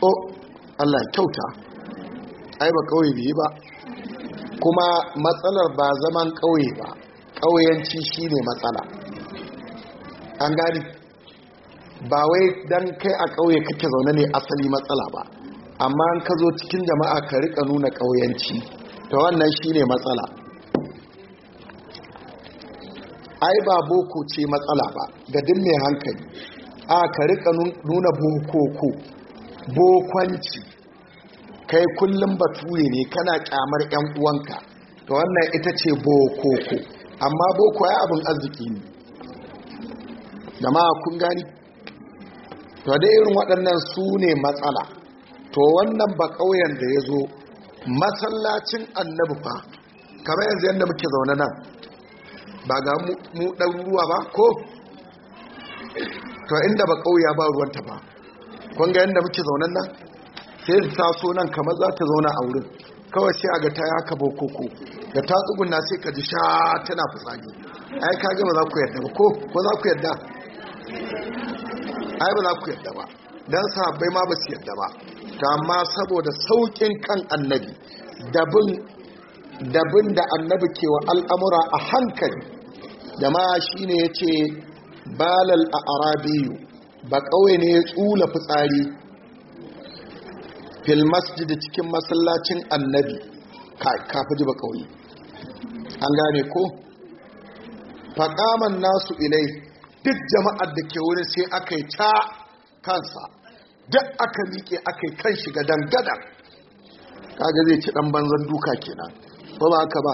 Speaker 1: o Allah ya kyauta ai ba kauye biyi ba kuma matsalar ba zaman ƙauye ba ƙauyenci shine matsala an gani ba wai dan kai a ƙauye kake zaune ne asali matsala ba amma an ka zo cikin jama'a ka rika nuna ƙauyenci, ta wannan shi ne matsala ai ba boko ce matsala ba ga din mai hankali a ka rika nuna bokoko bokwanci, kai kullum bature ne kana kyamar yan uwanka ta wannan ita ce bokoko amma boko ya abin arziki ne jama'a kun gani to da irin waɗannan su ne matsala to wannan ba ƙauyen da ya zo masallacin annabi fa kamar yanzu yadda muke zaune nan ba ga mu ɗan ruwa ba ko to inda ba ƙauya ba ruwanta ba kun ga yadda muke zaune nan sai su taso nan kamar za ta zauna a wurin kawai sai a ga ta haka bokoko da ta tsuguna sai ka ji sha tana fitsari ai ka gama za ku yadda ba ko ko za ku yadda ai ba za ku yadda ba don sabai ma ba su yadda ba ta amma saboda saukin kan annabi dabin da annabi ke wa al'amura a hankali da ma shi ne ya ce balal a arabiyu ba kawai ne ya tsula fitsari fil masjid cikin masallacin annabi kafin ji ba kawai an gane ko faƙaman nasu ilai duk jama'ar da ke wurin sai aka yi ta kansa duk aka miƙe aka yi kan shiga dangada kaga zai ci ɗan banzan duka kenan ba ba haka ba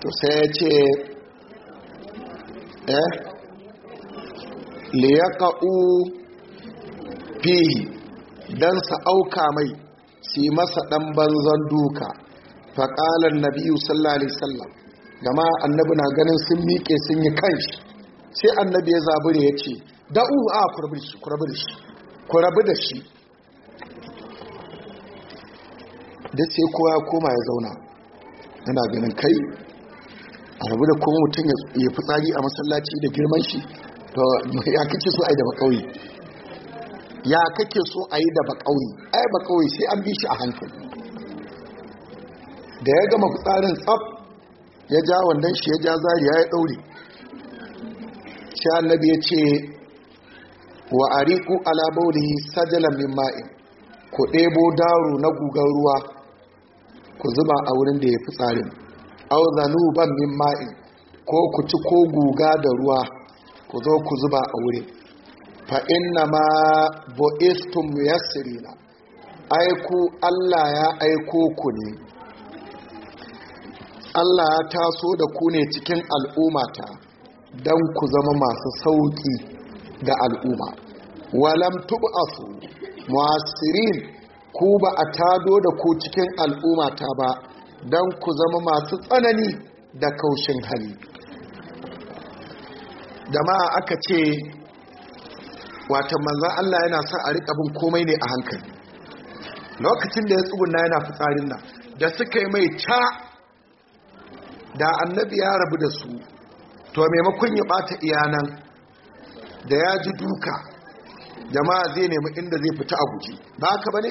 Speaker 1: to sai ya ce eh liyaqa'u fihi dan sa auka mai su masa ɗan banzan duka faƙalar nabi sallallahu alaihi wasallam gama annabi na ganin sun miƙe sun yi kanshi sai annabi ya zabure ya ce da'u a kurabi shi kurabi shi kurabi da shi da ce kowa ya koma ya zauna yana ganin kai a rabu da kuma mutum ya fi tsari a masallaci da girman shi to ya kake so a yi da bakauyi ya kake so a yi da bakauyi ai bakauyi sai an bi shi a hankali da ya gama fitsarin tsaf ya ja wannan shi ya ja zariya ya ɗauri shi annabi ya ce wa a ala alabauri sajalan min ma'in ku ɗebo daru na gugan ruwa ku zuba a wurin da ya fi tsarin au zanuban min ma'in ko ku ci ko guga da ruwa ku zo ku zuba a wurin fa na ma bo'istun yassirina aiku Allah ya aiko ku ne Allah ya taso da ku ne cikin ta don ku zama masu sauƙi da al'umma walam tub'asu mu'asirin ku ba a tado da ku cikin ta ba don ku zama masu tsanani da kaushin hali jama'a aka ce wata manzan Allah yana sa a riƙa bin komai ne a hankali lokacin da ya tsuguna yana fitsarin nan da suka yi mai ca da annabi ya rabu da su to maimakon ya bata iyanan da ya ji duka jama'a zai nemi inda zai fita a guji ba haka ne?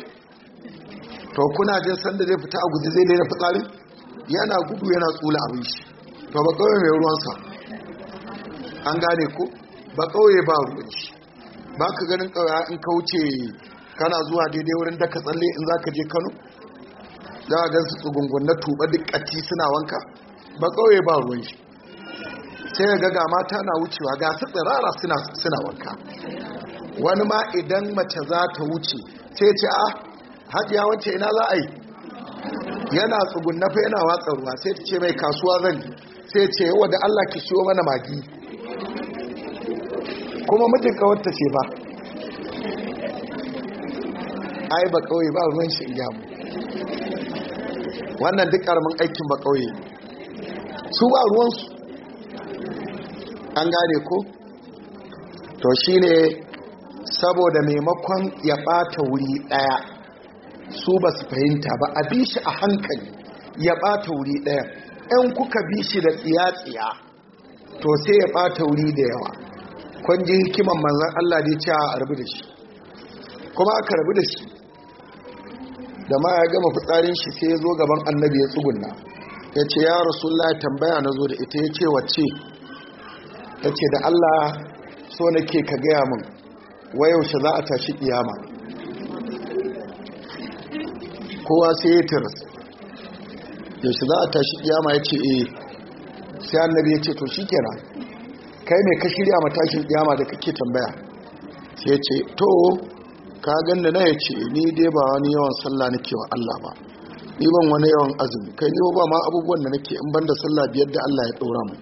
Speaker 1: to kuna jin sanda zai fita a guji zai daina fitsarin yana gudu yana tsula abin shi to ba kawai mai ruwansa an gane ko ba kawai ba ruwan shi ba ka ganin kawai in kauce kana zuwa daidai wurin daka tsalle in za ka je kano za a gansu tsugungun na tuba duk suna wanka ba kawai ba ruwan shi sai ga ga mata na wucewa ga su tsirara suna wanka wani ma idan mace za ta wuce sai ce a ah, hajiya wacce ina za a yi yana tsugunnafa yana watsa ruwa sai ta ce mai kasuwa zan sai ce yawa da allah ki siyo mana magi kuma mutum ta ce ba ai ba kawai ba ruwan shi mu wannan duk karamin aikin ba kauye su ba ruwansu an gane ko to shi ne saboda maimakon ya ɓata wuri ɗaya su ba su fahimta ba a bi shi a hankali ya ɓata wuri ɗaya ‘yan kuka bi shi da tsiya-tsiya to sai ya ɓata wuri da yawa kwanji hikiman manzan Allah da ya ce a rabu da shi kuma aka rabu da shi da ma ya gama fitsarin shi sai ya zo gaban annabi ya tsugunna ya ce ya rasulullah tambaya na zo da ita ya ce wace ta ce da allah so nake ka gaya min wayaushe za a tashi kiyama kowa sai ya taras yaushe za a tashi kiyama ya ce eh sai annabi ya ce to shi kera, kai mai ka shirya matashin kiyama da kake tambaya sai ya ce to ka ganda na ya ce ni dai ba wani yawan sallah nake wa allah ba ni wani yawan azumi kai ni ba ma abubuwan da nake in banda sallah biyar da Allah ya dora mu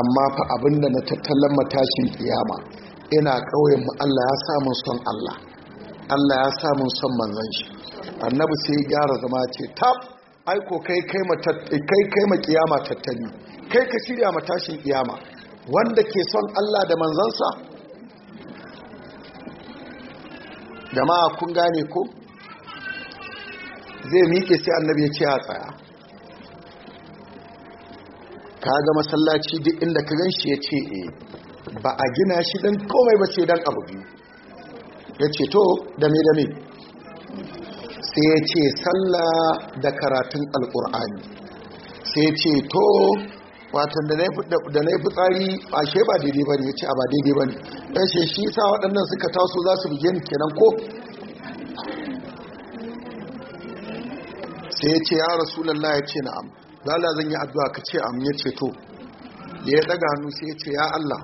Speaker 1: amma fa abinda na tattalan matashin kiyama ina kauyen mu Allah ya mun son Allah Allah ya mun son manzon shi annabi sai gyara zama ce tab ai ko kai kai kai kai ma kiyama tattali kai ka shirya matashin kiyama wanda ke son Allah da manzansa jama'a kun gane ko zai miƙe sai annabi ya ce a tsaya ka ga masallaci duk inda ka gan shi ya ce e ba a gina shi don komai ba sai don abu biyu ya ce to dame-dame sai ya ce sallah da karatun alkur'ani sai ya ce to watan da na yi fitsari a she ba daidai ba ne ya ce a ba daidai ba ne ya shi shi sa waɗannan suka taso za su bige ni kenan ko sai ya ce ya rasulallah ya ce na'am lala zan yi addu'a ka ce am ya ce to da ya daga hannu sai ya ce ya Allah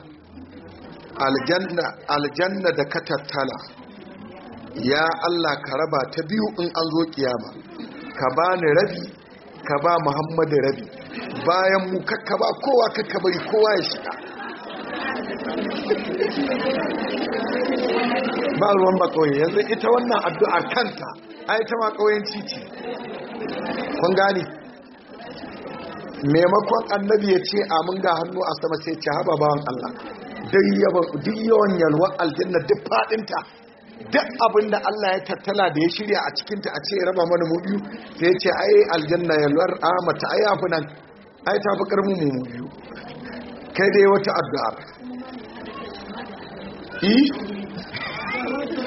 Speaker 1: aljanna da ka tattala ya Allah ka raba ta biyu in an zo kiyama ka ba ni rabi ka ba muhammadu rabi bayan mu kakka ba kowa kakka bari kowa ya shiga ba ruwan ba kawai yanzu ita wannan addu'ar kanta a ita ma kawayen titi kun gane maimakon annabi ya ce amin ga hannu a sama sai ce haɓa bawan Allah duk yawan yalwa aljanna duk faɗinta duk abin da Allah ya tattala da ya shirya a cikinta a ce raba mana mu biyu sai ya ce ai aljanna yalwar mata ai afi nan ai ta fi ƙarfin mu biyu kai dai wata addu'a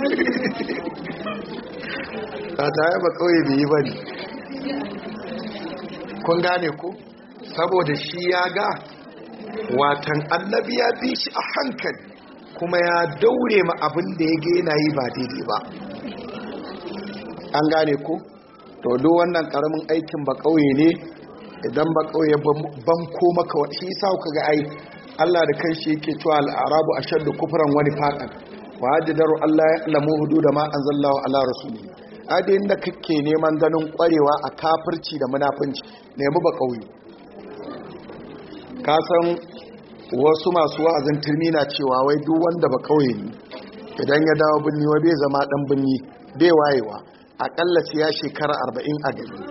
Speaker 2: *laughs*
Speaker 1: ta ta yaba kawai bai yi ba ne kun gane ku saboda shi ya ga watan annabi ya bi shi a hankali kuma ya daure ma abin da ya yana yi ba daidai ba an gane ku to duk wannan karamin aikin ba kauye ne idan ba kauye ban ko maka shi sa ku ga ai Allah da kanshi yake cewa al a ashaddu kufran wani nifaqan wa hajjaru Allah ya lamu hududa ma anzalallahu ala rasulihi adin da kake neman ganin kwarewa a kafirci da munafunci nemi ba kauye ka san wasu masu wa'azin turmi na cewa wai duk wanda ba kauye ne idan ya dawo binni wa bai zama dan binni bai wayewa akalla sai ya shekara arba'in a gari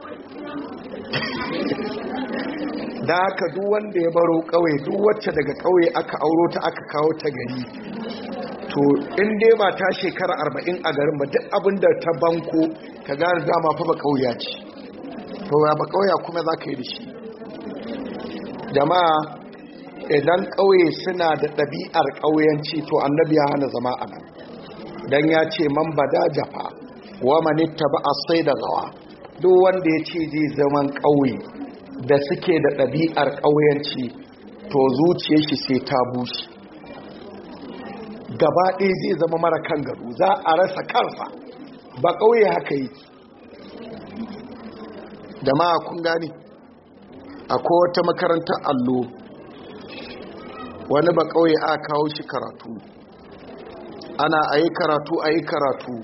Speaker 1: da haka duk wanda ya baro kauye duk wacce daga kauye aka auro ta aka kawo ta gari to in ba ta shekara arba'in a garin ba duk abin da ta banko ka gane dama fa ba kauya ce to ba kauya kuma za ka yi da shi jama'a idan kauye suna da ɗabi'ar ƙauyenci to annabi ya hana zama a nan don ya ce man ba da jafa wa manitta ba a sai da zawa, duk wanda ya ce zai zama ƙauye da suke da ɗabi'ar ƙauyenci to zuciyar shi sai ta bushe gaba ɗaya zai zama mara kan gado za a rasa karfa ba ƙauye haka yi jama'a kun gane a wata makarantar allo wani ba ƙauye a kawo shi karatu ana a yi karatu a yi karatu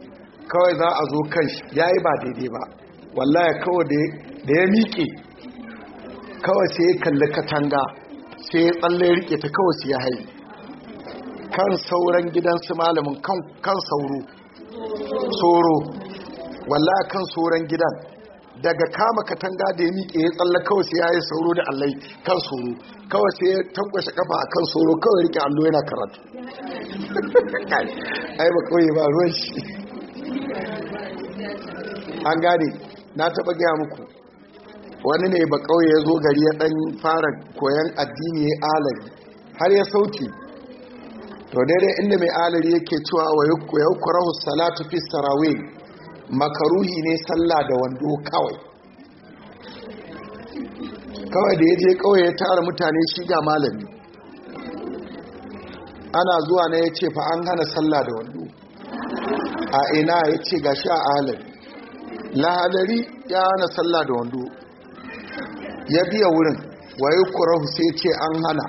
Speaker 1: kawai za a zo kan shi ya yi ba daidai ba wallaya kawai da ya miƙe kawai sai ya kalli katanga sai ya tsalle rike ta kawai sai ya haihu kan sauran gidansu malamin kan sauro tsoro walla kan sauran gidan daga kama katanga da ya miƙe ya tsalla kawai sai ya yi sauro da allai kan sauro kawai sai ya tankwashe kafa a kan sauro kawai rike allo yana karatu
Speaker 2: *laughs*
Speaker 1: ai ba kawai ba ruwan shi an gane na taɓa gaya muku wani ne ba kawai ya zo gari ya ɗan fara koyan addini ya alari har ya sauke to daidai inda mai alari yake cewa wa yaukurahu salatu fi sarawin makaruhi ne sallah da wando kawai kawai da ya je kawai ya tara mutane shi ga malami ana zuwa na ya ce fa an hana sallah da wando a ina ya ce ga sha a alari lahadari ya hana sallah da wando ya biya wurin wa yaukurahu sai ce an hana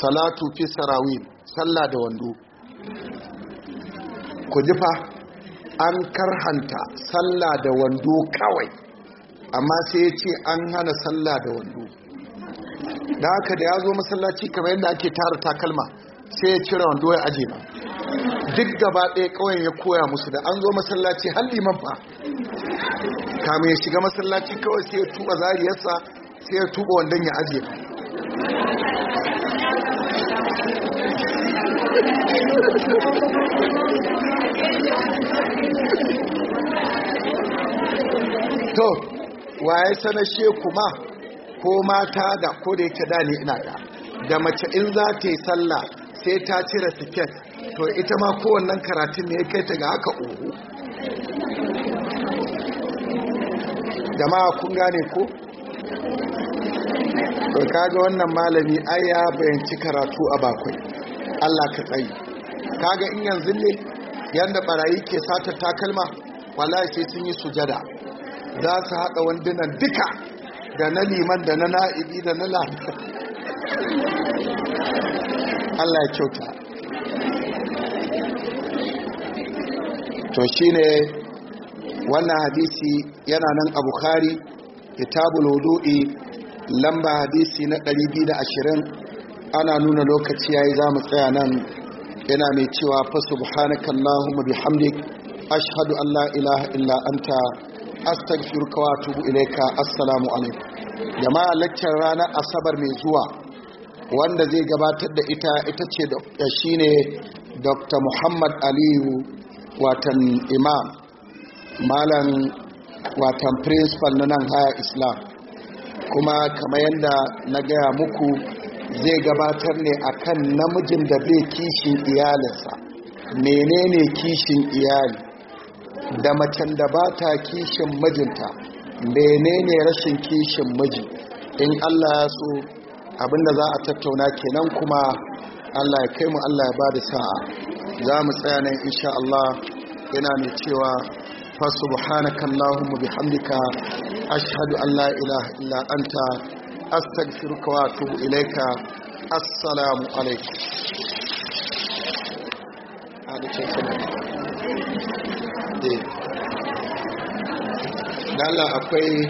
Speaker 1: salatu fi sarawin sallah da wando ku ji fa an karhanta sallah da wando kawai amma sai ya ce an hana sallah da wando da haka da ya zo masallaci kamar yadda ake tara takalma sai ya cire wando ya aje ba duk gaba ɗaya kawai ya koya musu da an zo masallaci har liman fa kamun ya shiga masallaci kawai sai ya tuba zariyarsa sai ya tuba wandon ya aje to waye sanashe kuma ko mata da ko da yake dani ina da da mace in za ta yi sallah sai ta cire siket to ita ma kowannan karatun ne ya kai ta ga haka uhu jama'a kun gane ko to kaga wannan malami ai ya bayanci karatu a bakwai Allah ka tsayi kaga in yanzu ne yanda barayi ke sata takalma wallahi sai sun yi sujada za su haɗa wandunan duka da na liman da na na'ibi da na labar Allah ya kyauta to shi ne wannan hadisi yana nan a bukari kitabul wudu'i lamba hadisi na 220 ana nuna lokaci yayi za mu tsaya nan yana mai cewa fa subhanakallahumma bihamdik ashhadu an la ilaha illa anta astaghfiruka wa tubu ilaika assalamu alaikum jama'a laccar ranar asabar mai zuwa wanda zai gabatar da ita ita ce da eh, shine dr muhammad aliyu watan imam malam watan principal na nan haya islam kuma kamar yadda na gaya muku zai gabatar ne akan namijin da bai kishin iyalinsa menene kishin iyali da macen da ba ta kishin mijinta menene rashin kishin miji in Allah ya so abinda za a tattauna kenan kuma Allah ya kai mu Allah ya bada sa'a za mu tsaya nan insha Allah yana mai cewa fa subhanaka allahumma bihamdika ashhadu an la ilaha illa anta astaghfiruka wa atubu ilaika assalamu alaikum dala akwai